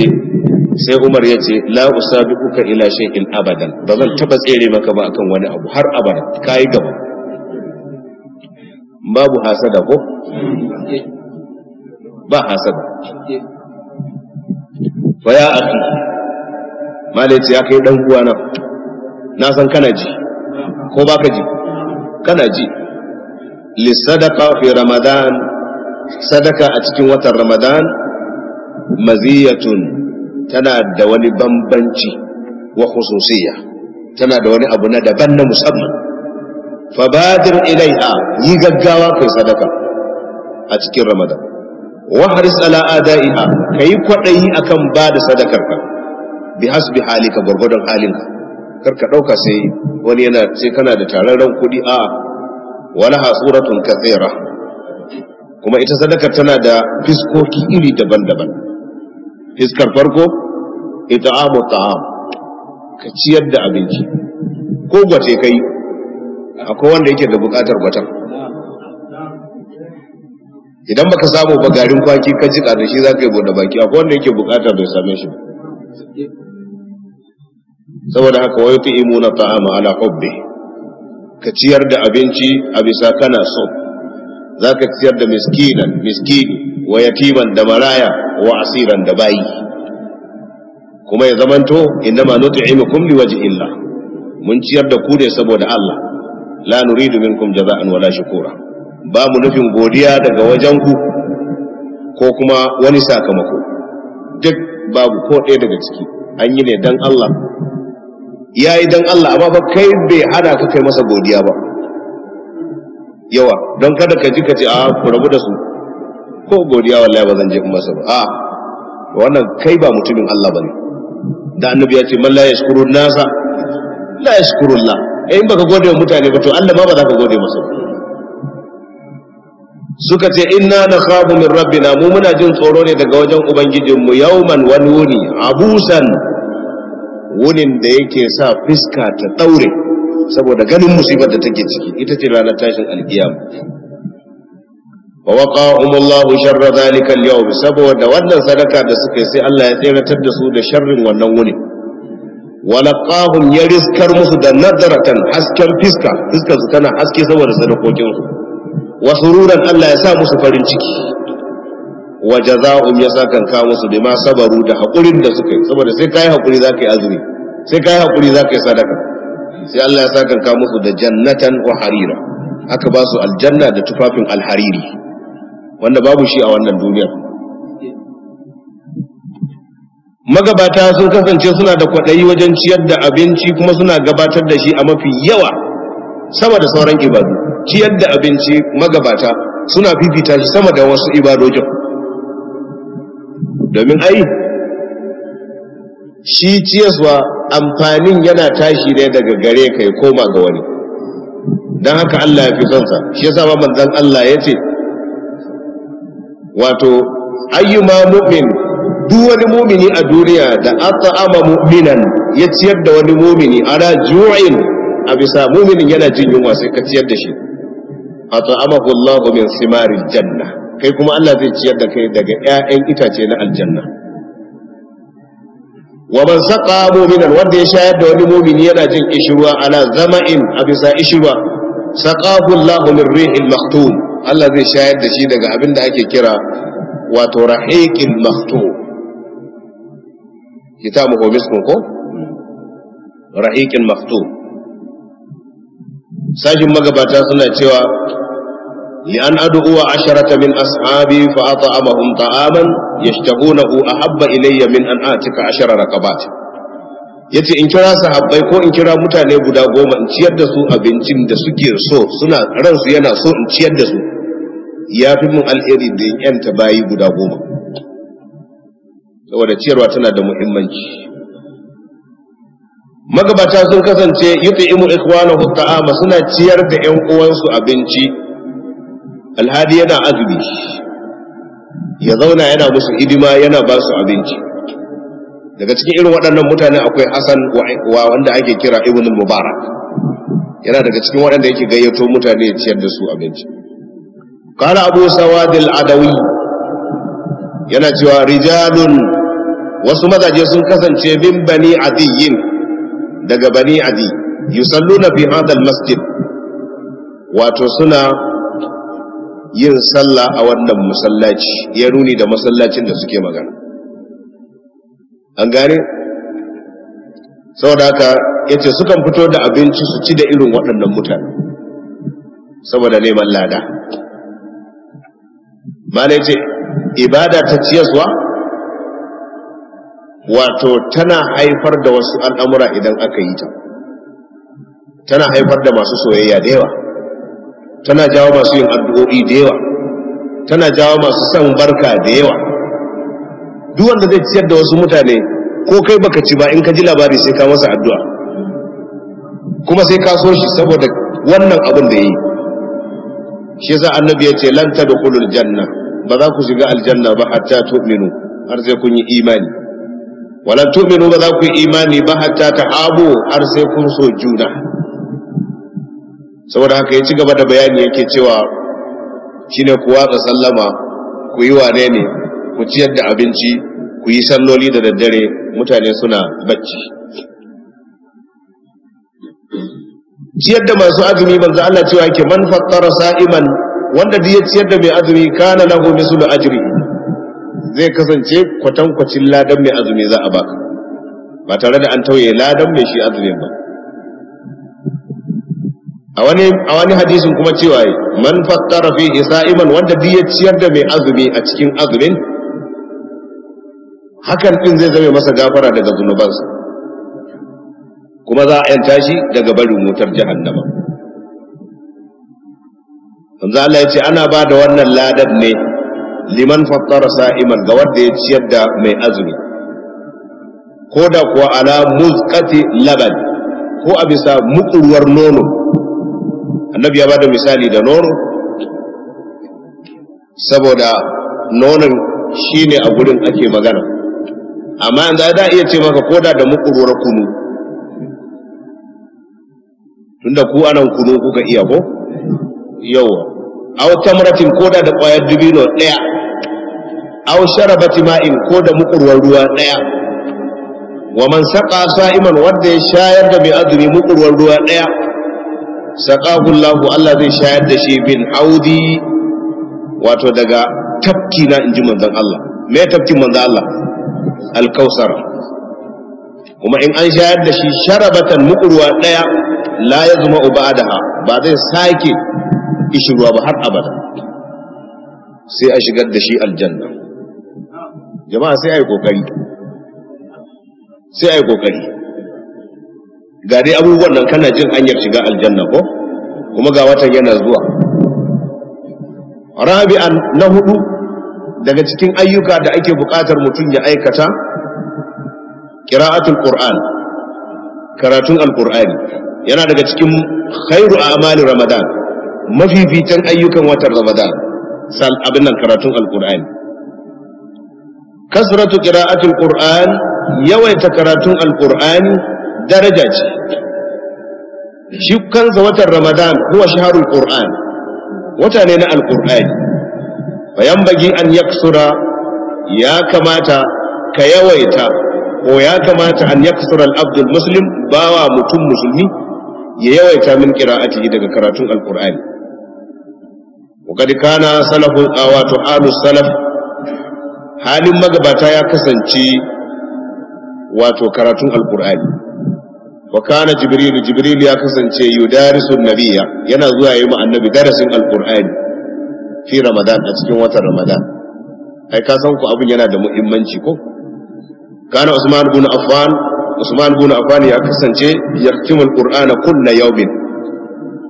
sai Umar yace la usabiquka ila shay'in abadan ba zan taba tsere maka ba akan wani abu har abada kai gaba babu hasada ko ba hasada fa ya akhi malaci ya kai dan uwana na san kana ji ko baka ji kana ji li sadaqa fi ramadan sadaka a cikin watan ramadan maziyatun tana da wani bambanci wa khususiyya tana da wani abu na daban na musamman fabadir ilaiha yi gaggawa kai sadaka a cikin ramadan wa haris ala adaiha kai kwadayi akan ba da sadakar ka bi hasbi halika gurgudun ka kar ka dauka sai wani yana sai kana da ran kudi a wala hasuratun kathira kuma ita sadakar tana da fiskoki iri daban-daban fiskar farko ita amu ta'am ka ciyar da abinci ko gwace kai akwai wanda yake da bukatar gwatan idan baka samu ba garin kwaki ka jika da shi ka yi bude baki akwai wanda yake bukatar da same shi saboda haka wa imuna ta'ama ala hubbi ka ciyar da abinci a bisa kana so zaka ciyar da miskinan miskin wa yatiman da maraya wa asiran da bayi kuma ya zamanto innama nut'imukum liwajhi illah mun ciyar da ku ne saboda Allah la nuridu minkum jaza'an wala shukura ba mu nufin godiya daga wajen ku ko kuma wani sakamako duk babu ko ɗaya daga ciki an yi ne dan Allah ya yi dan Allah amma ba kai bai hada ka kai masa godiya ba yawa don kada ka ji ka ce a ku rabu da su ko godiya wallahi ba zan je in masa ba a wannan kai ba mutumin Allah bane da annabi ya ce man la yashkuru nasa la yashkuru Allah in baka gode wa mutane ba to Allah ma ba za ka gode ba suka ce inna khabu min rabbina mu muna jin tsoro ne daga wajen ubangijin mu yawman wani wuni abusan wunin da yake sa fiska ta daure saboda ganin musibar da take ciki ita ce ranar tashin alkiyama wa waqa'umullahu sharra zalika al-yawm saboda wannan sadaka da suka yi sai Allah ya tseratar da su da sharrin wannan wunin Walaƙahun ya riskar musu da nadaratan hasken fiska Fiskarsu tana haske saboda sadakokin su wa sururan Allah ya sa musu farin ciki wa jazaa'um ya sa kan ka musu bima sabaru da haƙurin da suka yi saboda sai haƙuri za ka yi azumi sai haƙuri za ka yi sadaka sai Allah ya sa kan ka musu da jannatan wa harira aka ba su aljanna da tufafin alhariri wanda babu shi a wannan duniyar magabata sun kasance suna da kwaɗayi wajen ciyar da abinci kuma suna gabatar da shi a mafi yawa sama da sauran ibadu ciyar da abinci magabata suna fifita shi sama da wasu ibadojin domin ai shi ciyaswa amfanin yana tashi ne daga gare ka ya koma ga wani don haka Allah ya fi sonsa shi yasa ma manzan Allah ya ce wato ayyuma mu'min duk wani mumini a duniya da ama mu'minan ya ciyar da wani mumini ana ju'in a bisa muminin yana jin yunwa sai ka ciyar da shi at'amahu Allah min simaril janna kai kuma Allah zai ciyar da kai daga ƴaƴan itace na aljanna wa man saqa mu'minan wanda ya shayar da wani mumini yana jin ishruwa ana zama'in a bisa ishruwa saqahu Allah min rihil maktum Allah zai shayar da shi daga abin da ake kira wato rahiqil maktum kitabuhu miskun ko rahiqin maktum sashin magabata suna cewa li an ad'u asharata min ashabi fa at'amahum ta'aman yashtahunahu ahabba ilayya min an atika ashara raqabat yace in kira sahabbai ko in kira mutane guda goma in ciyar da su abincin da suke so suna ransu yana so in ciyar da su ya fi mun alheri da ta bayi guda goma wadda ciyarwa tana da muhimmanci magabata sun kasance yut'imu ikhwanahu ta'ama suna ciyar da ƴan uwansu abinci alhadi yana azumi ya zauna yana musu hidima yana ba su abinci daga cikin irin waɗannan mutane akwai Hassan wa wanda ake kira Ibn Mubarak yana daga cikin waɗanda yake gayyato mutane ya ciyar da su abinci qala abu sawadil adawi yana cewa rijalun wasu mazaje sun kasance min bani adiyin daga bani adi yusalluna fi hadal masjid wato suna yin sallah a wannan masallaci ya nuni da masallacin da suke magana an gane saboda haka ya yace sukan fito da abinci su ci da irin waɗannan mutane saboda neman lada ma ce ibada ta ciyaswa wato tana haifar da wasu al'amura idan aka yi ta tana haifar da masu soyayya da yawa tana jawo masu yin addu'o'i da yawa tana jawo masu son barka da yawa duk zai ciyar da wasu mutane ko kai baka ci ba in ka ji labari sai ka masa addu'a kuma sai ka so shi saboda wannan abin da yi shi yasa annabi ya ce da tadkhulul janna ba za ku shiga aljanna ba hatta tu'minu har sai kun yi imani wala tu'minu ba za ku yi imani ba hatta ta abu har sai kun so juna saboda haka ya ci gaba da bayani yake cewa shine ku watsa sallama ku yi wane ne ku ciyar da abinci ku yi salloli da daddare mutane suna bacci ciyar da masu azumi za Allah cewa yake man fattara sa'iman wanda duk ya ciyar da mai azumi kana lahu mislu ajri zai kasance kwatankwacin ladan mai azumi za a baka ba tare da an tauye ladan mai shi azumin ba a wani a wani hadisin kuma cewa man fattara fi isa'iman wanda duk ya ciyar da mai azumi a cikin azumin hakan din zai zame masa gafara daga zunubansa kuma za a yanta shi daga barin motar jahannama manzo Allah ya ce ana ba da wannan ladan ne liman fattara sa'iman ga wanda ya ciyar da mai azumi ko da kuwa ala muzqati laban ko a bisa mukurwar nono annabi ya bada misali da nono saboda nonon shine a gurin ake magana amma yanzu da iya ce maka ko da da mukurwar kunu tunda ku anan kunu kuka iya ko yawa a tamratin maratin koda da ƙwayar dubino ɗaya aw sharabati ma'in ko da mukurwar ruwa daya wa man saqa sa'iman wanda ya shayar da mai azumi mukurwar ruwa daya saqahu Allah Allah zai shayar da shi bin audi wato daga tafki na inji manzon Allah me tafkin manzon Allah alkausar kuma in an shayar da shi sharabatan mukurwa daya la yazma ba'daha ba zai sake ruwa ba har abada sai a shigar da shi aljanna jama'a sai ai kokari sai ai kokari ga dai abubuwan nan kana jin hanyar shiga aljanna ko kuma ga watan yana zuwa rabi'an na hudu daga cikin ayyuka da ake buƙatar mutum ya aikata qira'atul qur'an karatun alqur'ani yana daga cikin khairu a'mali ramadan mafi fitan ayyukan watan ramadan sal abin nan karatun alqur'ani kasratu qira'atul qur'an yawaita karatun alqur'ani daraja ce shi kansa watan ramadan huwa shaharul qur'an wata ne na alqur'ani bayan bagi an yaksura ya kamata ka yawaita ko ya kamata an yaksura abdul muslim bawa mutum musulmi ya yawaita min qira'atihi daga karatun alqur'ani وقد كان سلف أو آل السلف halin magabata ya kasance wato karatun alkur'ani wa kana jibril jibril ya kasance yudarisun nabiyya yana zuwa yi annabi darasin alkur'ani fi ramadan a cikin watan ramadan ai ka san ku abin yana da muhimmanci ko kana usman ibn affan usman ibn affan ya kasance yaktimu alqur'ana kullu yawmin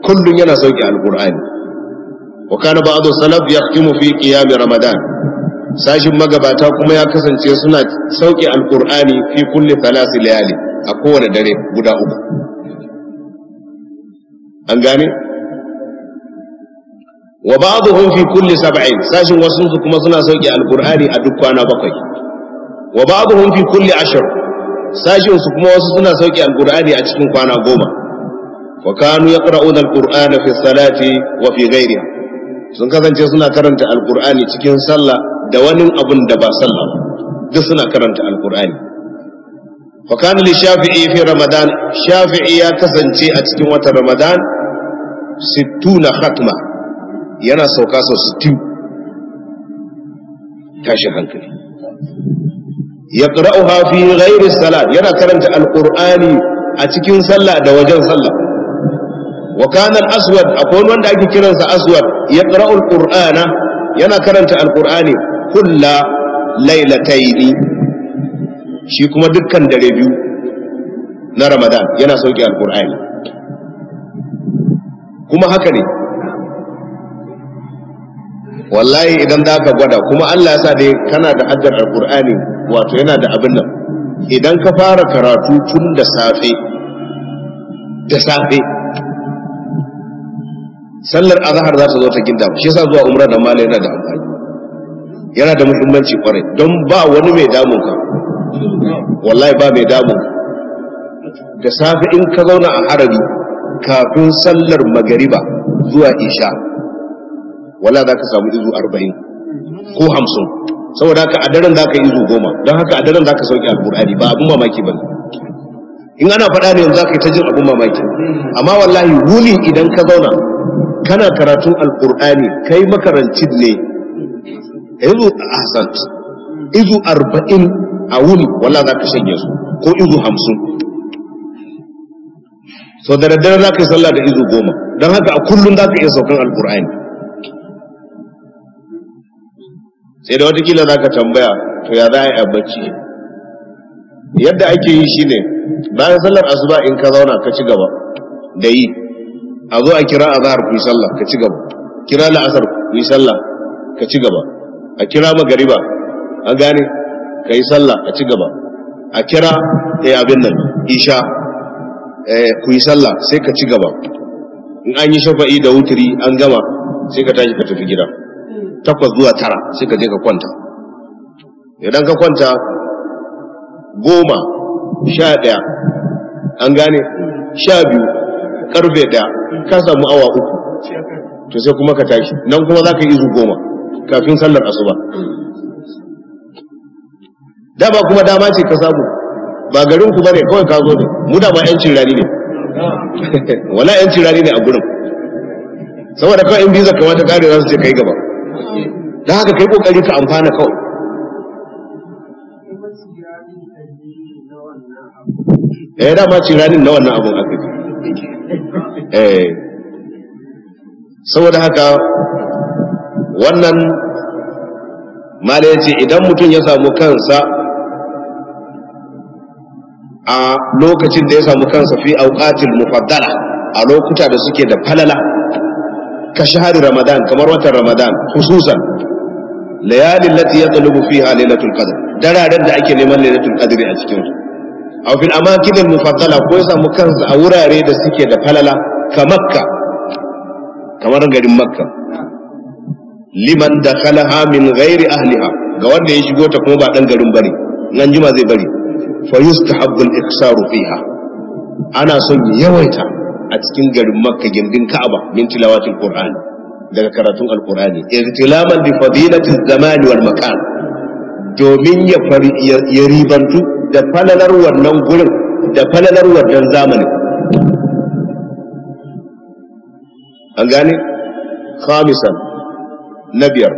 kullun yana sauki alqur'ani wa kana ba'd salaf yaktimu fi qiyam ramadan sashin magabata kuma ya kasance suna sauke alkur'ani fi kulli thalathi layali a kowane dare guda uku an gane wa ba'dhum fi kulli sab'in sashin wasu su kuma suna sauke alkur'ani a duk kwana bakwai wa ba'dhum fi kulli ashr sashin su kuma wasu suna sauke alkur'ani a cikin kwana goma wa kanu yaqra'una alkur'ana fi salati wa fi ghayriha sun kasance suna karanta alkur'ani cikin sallah da wani abun da ba sallah duk suna karanta alkur'ani fa kana li shafi'i fi ramadan shafi'i ya kasance a cikin watan ramadan 60 khatma yana sauka sau 60 tashi hankali yaqra'uha fi ghairi salat yana karanta alkur'ani a cikin sallah da wajen sallah Wakanan kana al-aswad akwai wanda ake kiransa aswad yaqra'u al-qur'ana yana karanta al-qur'ani kulla lailataini shi kuma dukkan dare biyu na ramadan yana sauki al-qur'ani kuma haka ne wallahi idan za ka gwada kuma Allah ya sa dai kana da hajjar alkur'ani wato yana da abin nan idan ka fara karatu tun da da safe sallar azhar za ta zo ta ginda shi yasa zuwa umra da mala yana da amfani yana da muhimmanci kwarai don ba wani mai damun ka wallahi ba mai damun da safe in ka zauna a harabi kafin sallar magariba zuwa isha wala za ka samu izu arba'in ko hamsin saboda haka a daren za ka yi izu goma don haka a daren za ka sauke alkur'ani ba abin mamaki ba in ana faɗa ne yanzu za ka yi ta jin abin mamaki amma wallahi wuni idan ka zauna kana karatun alkur'ani kai makarancin ne yanzu a hassan izu arba'in a wuni wala za ka shanye su ko izu hamsin so da daddare za ka yi sallah da izu goma don haka a kullum za ka iya saukan alkur'ani sai da watakila za ka tambaya to ya za a yi a bacci yadda ake yi shine bayan sallar asuba in ka zauna ka ci gaba da yi a zo a kira Azahar ku yi sallah ka ci gaba kira la'asar ku yi sallah ka ci gaba a kira magariba an gane ka yi sallah ka ci gaba a kira ta eh, abin nan isha kuyi eh, ku yi sallah sai ka ci gaba in an yi shafa'i da wuturi an gama sai ka tashi ka tafi gida takwas zuwa tara sai ka je ka kwanta idan ka kwanta goma sha ɗaya an gane sha biyu karfe daya ka samu awa uku to sai kuma ka tashi nan kuma za ka yi izu goma kafin sallar asuba dama kuma dama ce ka samu ba garin ku bane kawai ka zo ne mu da ma yancin rani ne wala yancin rani ne a gurin saboda kawai in biza kamata kare za su ce kai gaba da haka kai kokari ka amfana kawai eh dama ce ranin na wannan abun eh saboda haka wannan mala idan mutum ya samu kansa a lokacin da ya samu kansa fi auqatil mufaddala a lokuta da suke da falala ka shahari ramadan kamar watan ramadan hususan layalin lati ya talubu fiha lailatul qadr dararen da ake neman lailatul qadri a cikin aw fil amakin al mufaddala ko ya samu kansa a wurare da suke da falala ka makka kamar garin makka liman da dakhalaha min ghairi ahliha ga wanda ya shigo ta kuma ba dan garin bari, nan juma zai bari fa yustahabbu al iksaru fiha ana son yawaita a cikin garin makka gindin ka'aba min tilawatil qur'an daga karatun alqur'ani irtilaman bi fadilati zamani wal makan domin ya ribantu da falalar wannan gurin da falalar wannan zamanin an gane khamisan na biyar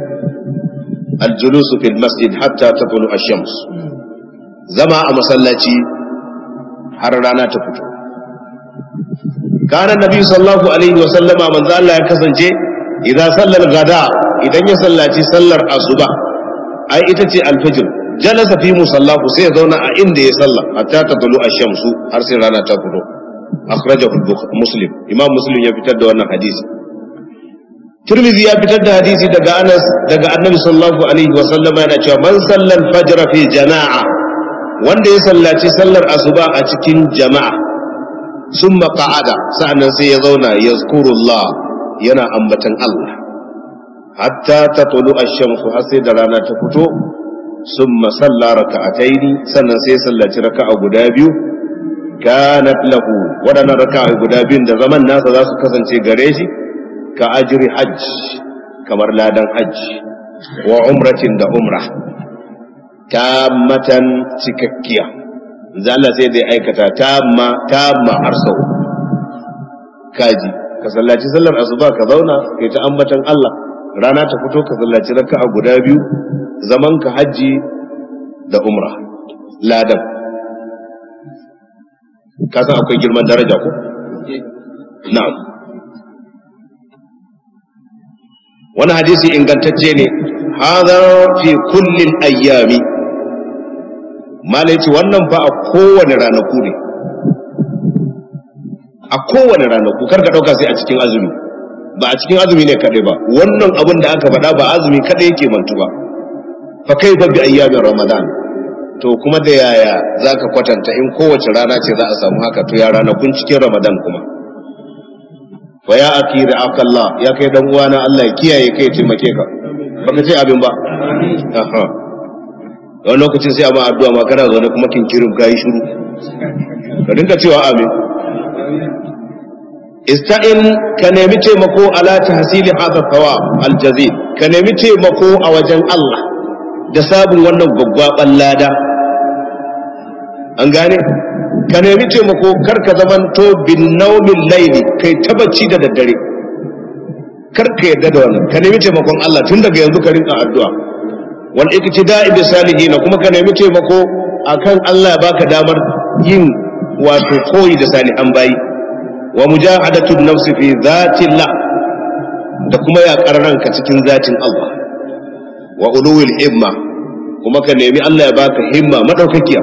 aljulusu fil masjid hatta ta tafulu a shams zama a masallaci har rana ta fito kana nabi sallallahu alaihi wa sallama manzo Allah ya kasance idan sallar gada idan ya sallaci sallar asuba ai ita ce alfajir. jalasa fi musallahu sai ya zauna a inda ya salla, hatta ta tulu ash-shamsu har sai rana ta fito akhrajahu muslim imam muslim ya fitar da wannan hadisi Tirmidhi ya fitar da hadisi daga Anas daga Annabi sallallahu alaihi wa sallam yana cewa man sallal fajr fi jama'a wanda ya sallaci sallar asuba a cikin jama'a summa qa'ada sa'annan sai ya zauna yazkurullah yana ambatan Allah hatta tatlu ash-shamsu har sai da rana ta fito summa salla raka'ataini sannan sai sallaci raka'a guda biyu kanat lahu wadannan raka'a guda biyun da zaman nasa za su kasance gare shi ka ajri hajj kamar ladan hajj wa umratin da umra tammatan cikakkiya za Allah aikata tamma tamma har sau kaji ka sallaci sallar asuba ka zauna kai ta ambatan Allah rana ta fito ka sallaci a guda biyu zaman ka hajji da umra ladan ka san akwai girman daraja ko na'am wani hadisi ingantacce ne hadha fi kulli ayyami malai wannan fa a kowane ranaku ne a kowane ranaku kar ka dauka sai a cikin azumi ba a cikin azumi ne kaɗai ba wannan abin da aka faɗa ba azumi kaɗai yake mantu ba fa kai ba bi ayyamin ramadan to kuma da yaya za ka kwatanta in kowace rana ce za a samu haka to ya ranakun cikin ramadan kuma fa ya akira akalla ya kai dan uwana Allah ya kiyaye kai ya taimake ka baka ce abin ba aha wani lokacin sai abin addu'a ma kana zaune kuma kin kinkirin kayi shiru ka dinka cewa amin ista'in ka nemi taimako ala hasili hadha tawa aljazi, ka nemi taimako a wajen Allah da sabon wannan gwaggwaban lada an gane ka nemi taimako kar ka to bin naumin laili kai tabbaci da daddare kar ka yadda da wannan ka nemi taimakon Allah tun daga yanzu ka rinka addu'a wal iktida'i bi salihin kuma ka nemi taimako akan Allah ya baka damar yin wato koyi da salihan bayi wa mujahadatun nafsi fi zatillah da kuma yaƙar ranka cikin zatin Allah wa uluwil himma kuma ka nemi Allah ya baka himma madaukakiya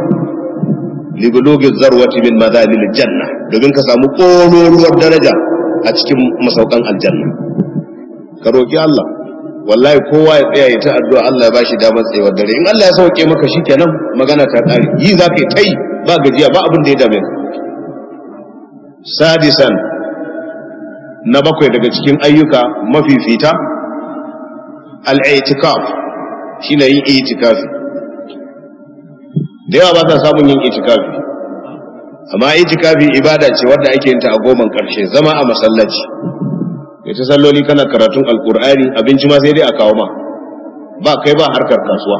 li bulugi zarwati min madalil janna domin ka samu ƙororuwar daraja a cikin masaukan aljanna ka roki Allah wallahi kowa ya tsaya ya ta addu'a Allah ya bashi damar tsayawar dare in Allah ya sauke maka shikenan magana ta kare yi zaka yi tai ba gajiya ba abin da ya dame ka sadisan na bakwai daga cikin ayyuka mafifita al’aitikaf shi na yin itikafi da yawa ba ta samun yin itikafi amma itikafi ibada ce wadda ake yinta a goman ƙarshe zama a masallaci ya ta salloli kana karatun alkur'ani abinci ma sai dai a kawo ma ba kai ba harkar kasuwa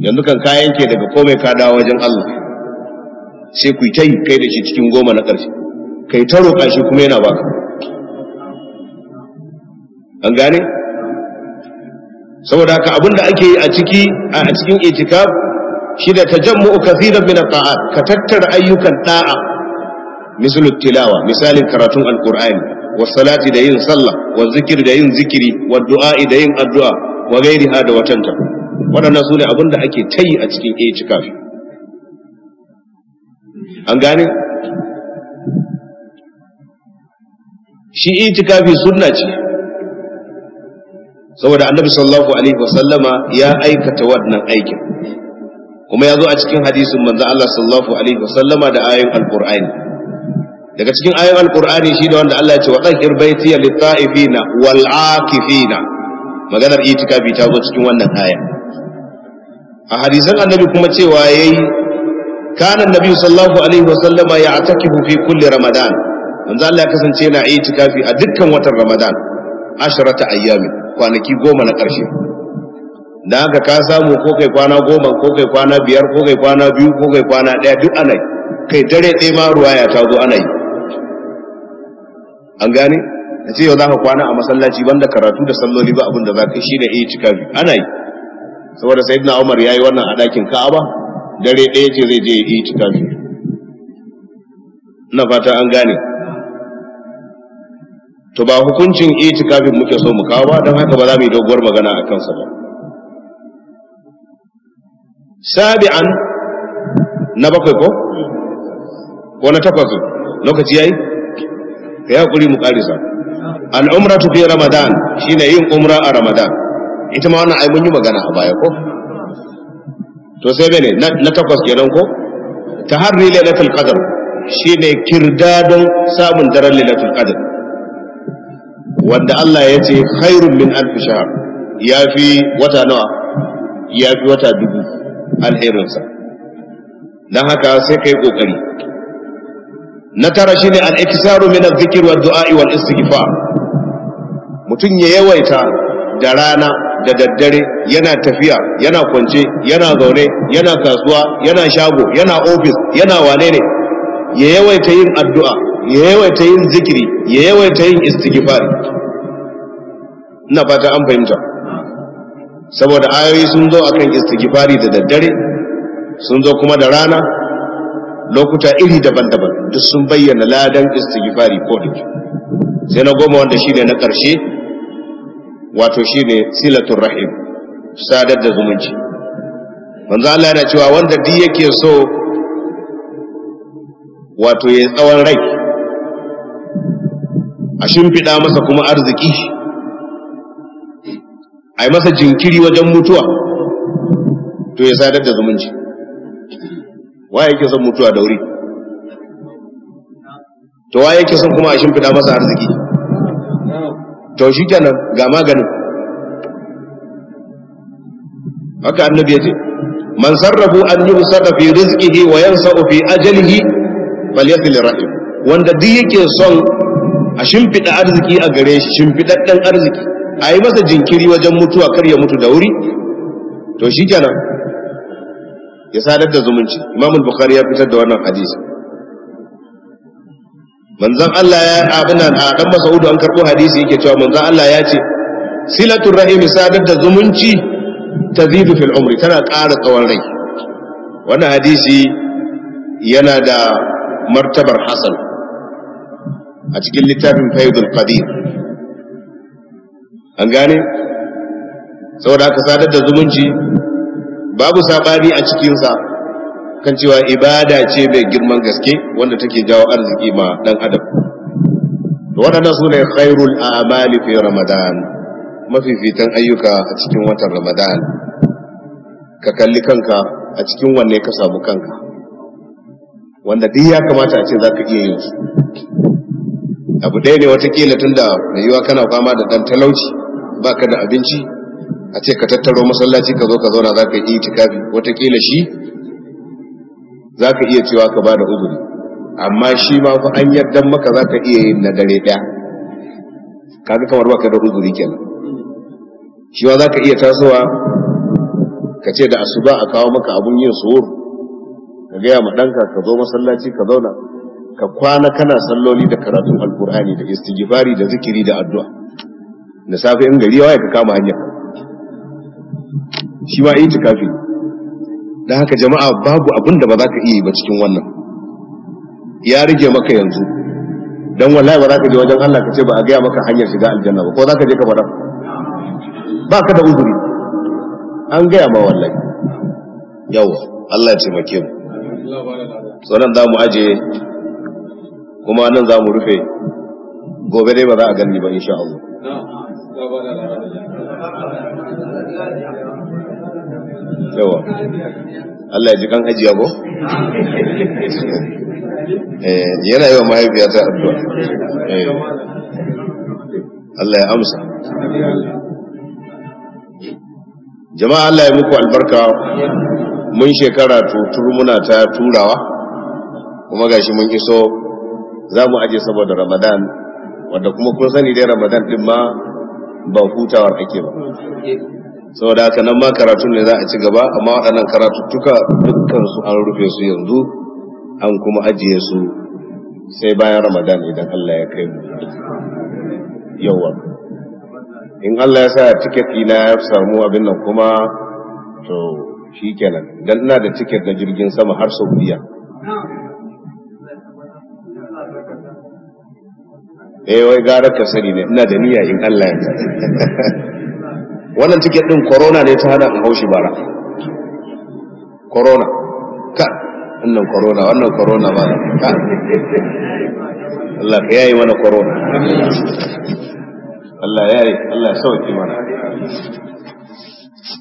yanzu kan kayan ke daga komai ka dawo wajen Allah sai ku ta yi kai da shi cikin goma na ƙarshe kai ta roƙa shi kuma yana baka an gane saboda haka abinda da ake yi a ciki a cikin itikaf shi da tajammu'u kathiran min at ka tattara ayyukan da'a misalut tilawa misalin karatun alqur'ani wa salati da yin sallah wa zikiri da yin zikiri wa du'a'i da yin addu'a wa ghairiha da watanta waɗannan su ne abin ake tayi a cikin itikaf an gane shi itikafi sunna ce saboda annabi sallallahu alaihi wasallama ya aikata wannan aikin kuma ya zo a cikin hadisin manzo Allah sallallahu alaihi wasallama da ayoyin alqur'ani daga cikin ayoyin alqur'ani shi da wanda Allah ya ce wa dhakir baiti lit-ta'ifina wal-aakifina maganar itikafi ta zo cikin wannan aya a hadisan annabi kuma cewa yayi kana annabi sallallahu alaihi wasallama ya'takifu fi kulli ramadan manzo Allah ya kasance yana itikafi a dukkan watan ramadan asharata ayyami kwanaki goma na karshe da haka ka samu ko kai kwana goma ko kai kwana biyar ko kai kwana biyu ko kai kwana ɗaya duk ana yi kai dare ɗaya ma ruwa ya tago ana yi an gane a ce yau za ka kwana a masallaci banda karatu da salloli ba abin da za ka shi da iya cika ana yi saboda Sayyidina umar ya yi wannan a ɗakin ka'aba dare ɗaya ce zai je yi itikafi na fata an gane to ba hukuncin itikafin muke so mu kawo ba don haka ba za mu yi doguwar magana a kansa ba sabi'an na bakwai ko ko na takwas lokaci yayi ka yi hakuri mu karisa al'umratu fi ramadan shine yin umra a ramadan ita ma wannan ai mun yi magana a baya ko to sai na takwas kenan ko taharri lailatul qadr shine kirdadon samun daren lailatul qadr wanda Allah ya ce khairun min alf shahr yafi wata nawa yafi wata dubu alherinsa dan haka sai kai kokari na tara shine al-iktisaru min adh-dhikr wa du'a wal istighfar mutun ya yawaita da rana da daddare yana tafiya yana kwance yana zaune yana kasuwa yana shago yana ofis yana wane ne ya yawaita yin addu'a ya yawaita yin zikiri ya yawaita yin istighfar ina fata an fahimta saboda ayoyi sun zo akan istighfari da daddare sun zo kuma da rana lokuta iri daban-daban duk sun bayyana ladan istighfari ko ke, sai na goma wanda shi ne na ƙarshe wato shine silatun rahim sadar da zumunci manzo Allah yana cewa wanda duk yake so wato ya tsawon rai a shimfiɗa masa kuma arziki a yi masa jinkiri wajen mutuwa to ya sadar da zumunci wa yake son mutuwa da wuri to wa yake son kuma a shimfiɗa masa arziki to shi kenan ga maganin haka annabi ya ce man sarrafu an yi usaka fi rizqihi wa yansa'u fi ajalihi falyasil ra'i wanda duk yake son a shimfida arziki a gare shi shimfidaddan arziki a yi masa jinkiri wajen mutuwa kar ya mutu da wuri to shi kenan ya sadar da zumunci imamul bukhari ya fitar da wannan hadisi manzan Allah ya abin a dan masa'udu an karɓo hadisi yake cewa manzan Allah ya ce silatun rahimi sadar da zumunci ta fil umri tana ƙara tsawon rai wannan hadisi yana da martabar hasan a cikin littafin Faizul qadir an gane saboda haka sadar da zumunci babu sabani a cikinsa kan cewa ibada ce mai girman gaske wanda take jawo arziki ma dan adam to waɗannan su ne khairul a'mali fi ramadan mafifitan ayyuka a cikin watan ramadan ka kalli kanka a cikin wanne ka samu kanka wanda duk ya kamata a ce za ka iya yin su abu ɗaya ne watakila tun da mai yiwa kana fama da dan talauci ba ka da abinci a ce ka tattaro masallaci ka zo ka zauna za ka yi itikafi watakila shi za ka iya cewa ka ba da uzuri amma shi ma ku an yarda maka za ka iya yin na dare ɗaya kaga kamar baka da uzuri kenan shi ma za ka iya tasowa ka ce da asuba a kawo maka abun yin suhur ka gaya ma ɗanka ka zo masallaci ka zauna ka kwana kana salloli da karatun alkur'ani da istighfari da zikiri da addu'a da safe in gari ya ka kama hanyar shi ma itikafi don haka jama'a babu abin da ba za ka iya yi ba cikin wannan ya rige maka yanzu don wallahi ba za ka je wajen Allah ka ce ba a gaya maka hanyar shiga aljanna ba ko za ka je ka faɗa ba ka da uzuri an gaya ma wallahi yawa Allah ya taimake mu So nan za mu aje kuma nan za mu rufe gobe dai ba za a gani ba insha Allah yawa Allah ya ji kan ajiya ko eh yana yi wa mahaifiyata addu'a eh Allah ya amsa jama'a Allah ya muku albarka mun shekara tutur muna ta turawa kuma gashi mun iso za mu aje saboda ramadan wanda kuma kun sani dai ramadan din ma ba hutawar ake ba saboda haka nan ma karatun ne za a ci gaba amma waɗannan karatuttuka dukkan su an rufe su yanzu an kuma ajiye su sai bayan ramadan idan Allah ya kai mu yawa in Allah ya sa tiket ina ya samu abin nan kuma to shikenan dan ina da tiket na jirgin sama har Saudiya eh wai gara ka sani ne ina da niyya in Allah ya sa wannan ticket din corona ne ta hana in haushi bara corona ka wannan corona wannan corona ba ka Allah ya yi mana corona Allah ya yi Allah ya sauke mana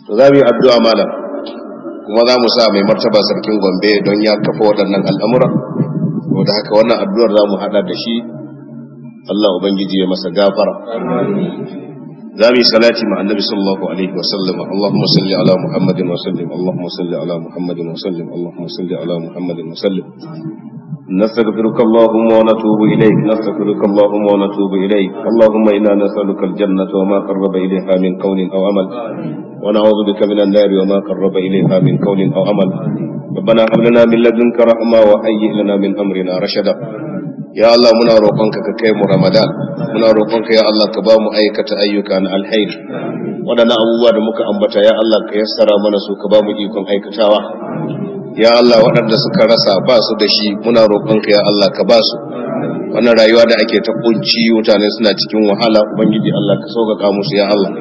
to za mu yi addu'a malam kuma za mu sa mai martaba sarkin Gombe don ya kafa waɗannan al'amura da haka wannan addu'ar za mu hada da shi Allah ubangiji ya masa gafara za mu yi salati ma annabi sallallahu alaihi wa sallama Allahumma salli ala Muhammadin wa sallim Allahumma salli ala Muhammadin wa sallim Allahumma نستغفرك اللهم ونتوب إليك نستغفرك اللهم ونتوب إليك اللهم إنا نسألك الجنة وما قرب إليها من قول أو عمل ونعوذ بك من النار وما قرب إليها من قول أو عمل ربنا هب لنا من لدنك رحمة وهيئ لنا من أمرنا رشدا ya Allah muna roƙonka ka kai mu Ramadan muna roƙonka ya Allah ka ba mu aikata ayyuka na alheri waɗannan abubuwa da muka ambata ya Allah ka yassara mana su ka ba mu ikon aikatawa ya Allah waɗanda suka rasa ba su da shi muna roƙonka ya Allah ka ba su wannan rayuwa da ake ta kunci mutane suna cikin wahala ubangiji Allah ka sauƙaƙa musu ya Allah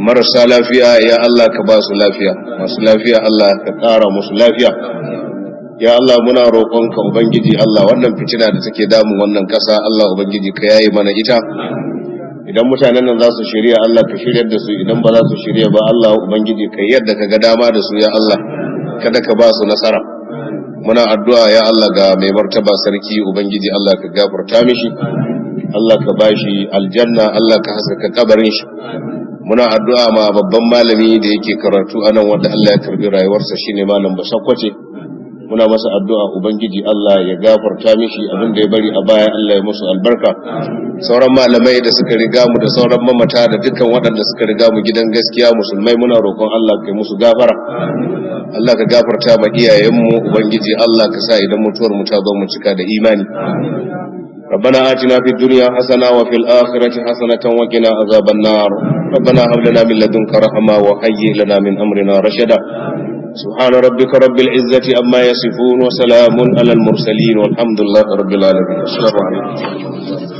marasa lafiya ya Allah ka ba su lafiya masu lafiya Allah ka ƙara musu lafiya ya Allah muna roƙonka ubangiji Allah wannan fitina da take damun wannan ƙasa Allah ubangiji ka yayi mana ita idan mutanen nan za su shirya Allah ka shiryar da su idan ba za su shirya ba Allah ubangiji ka yadda ka ga dama da su ya Allah kada ka ba su nasara muna addu'a ya Allah ga mai martaba sarki ubangiji Allah ka gafarta mishi Allah ka bashi aljanna Allah ka haskaka kabarin shi muna addu'a ma babban malami da yake karatu anan wanda Allah ya karbi rayuwarsa shine malam Bashakwace muna masa addu'a ubangiji Allah ya gafarta mishi abin da ya bari a baya Allah ya musu albarka sauran malamai da suka riga mu da sauran mamata da dukkan waɗanda suka riga mu gidan gaskiya musulmai muna roƙon Allah ka musu gafara Allah ka gafarta ma iyayenmu ubangiji Allah ka sa idan mutuwar mu ta zo mu cika da imani ربنا آتنا في الدنيا حسنة وفي الآخرة حسنة وقنا عذاب النار ربنا هب لنا من لدنك رحمة وهيئ لنا من أمرنا رشدا سبحان ربك رب العزة أما يصفون وسلام على المرسلين والحمد لله رب العالمين السلام عليكم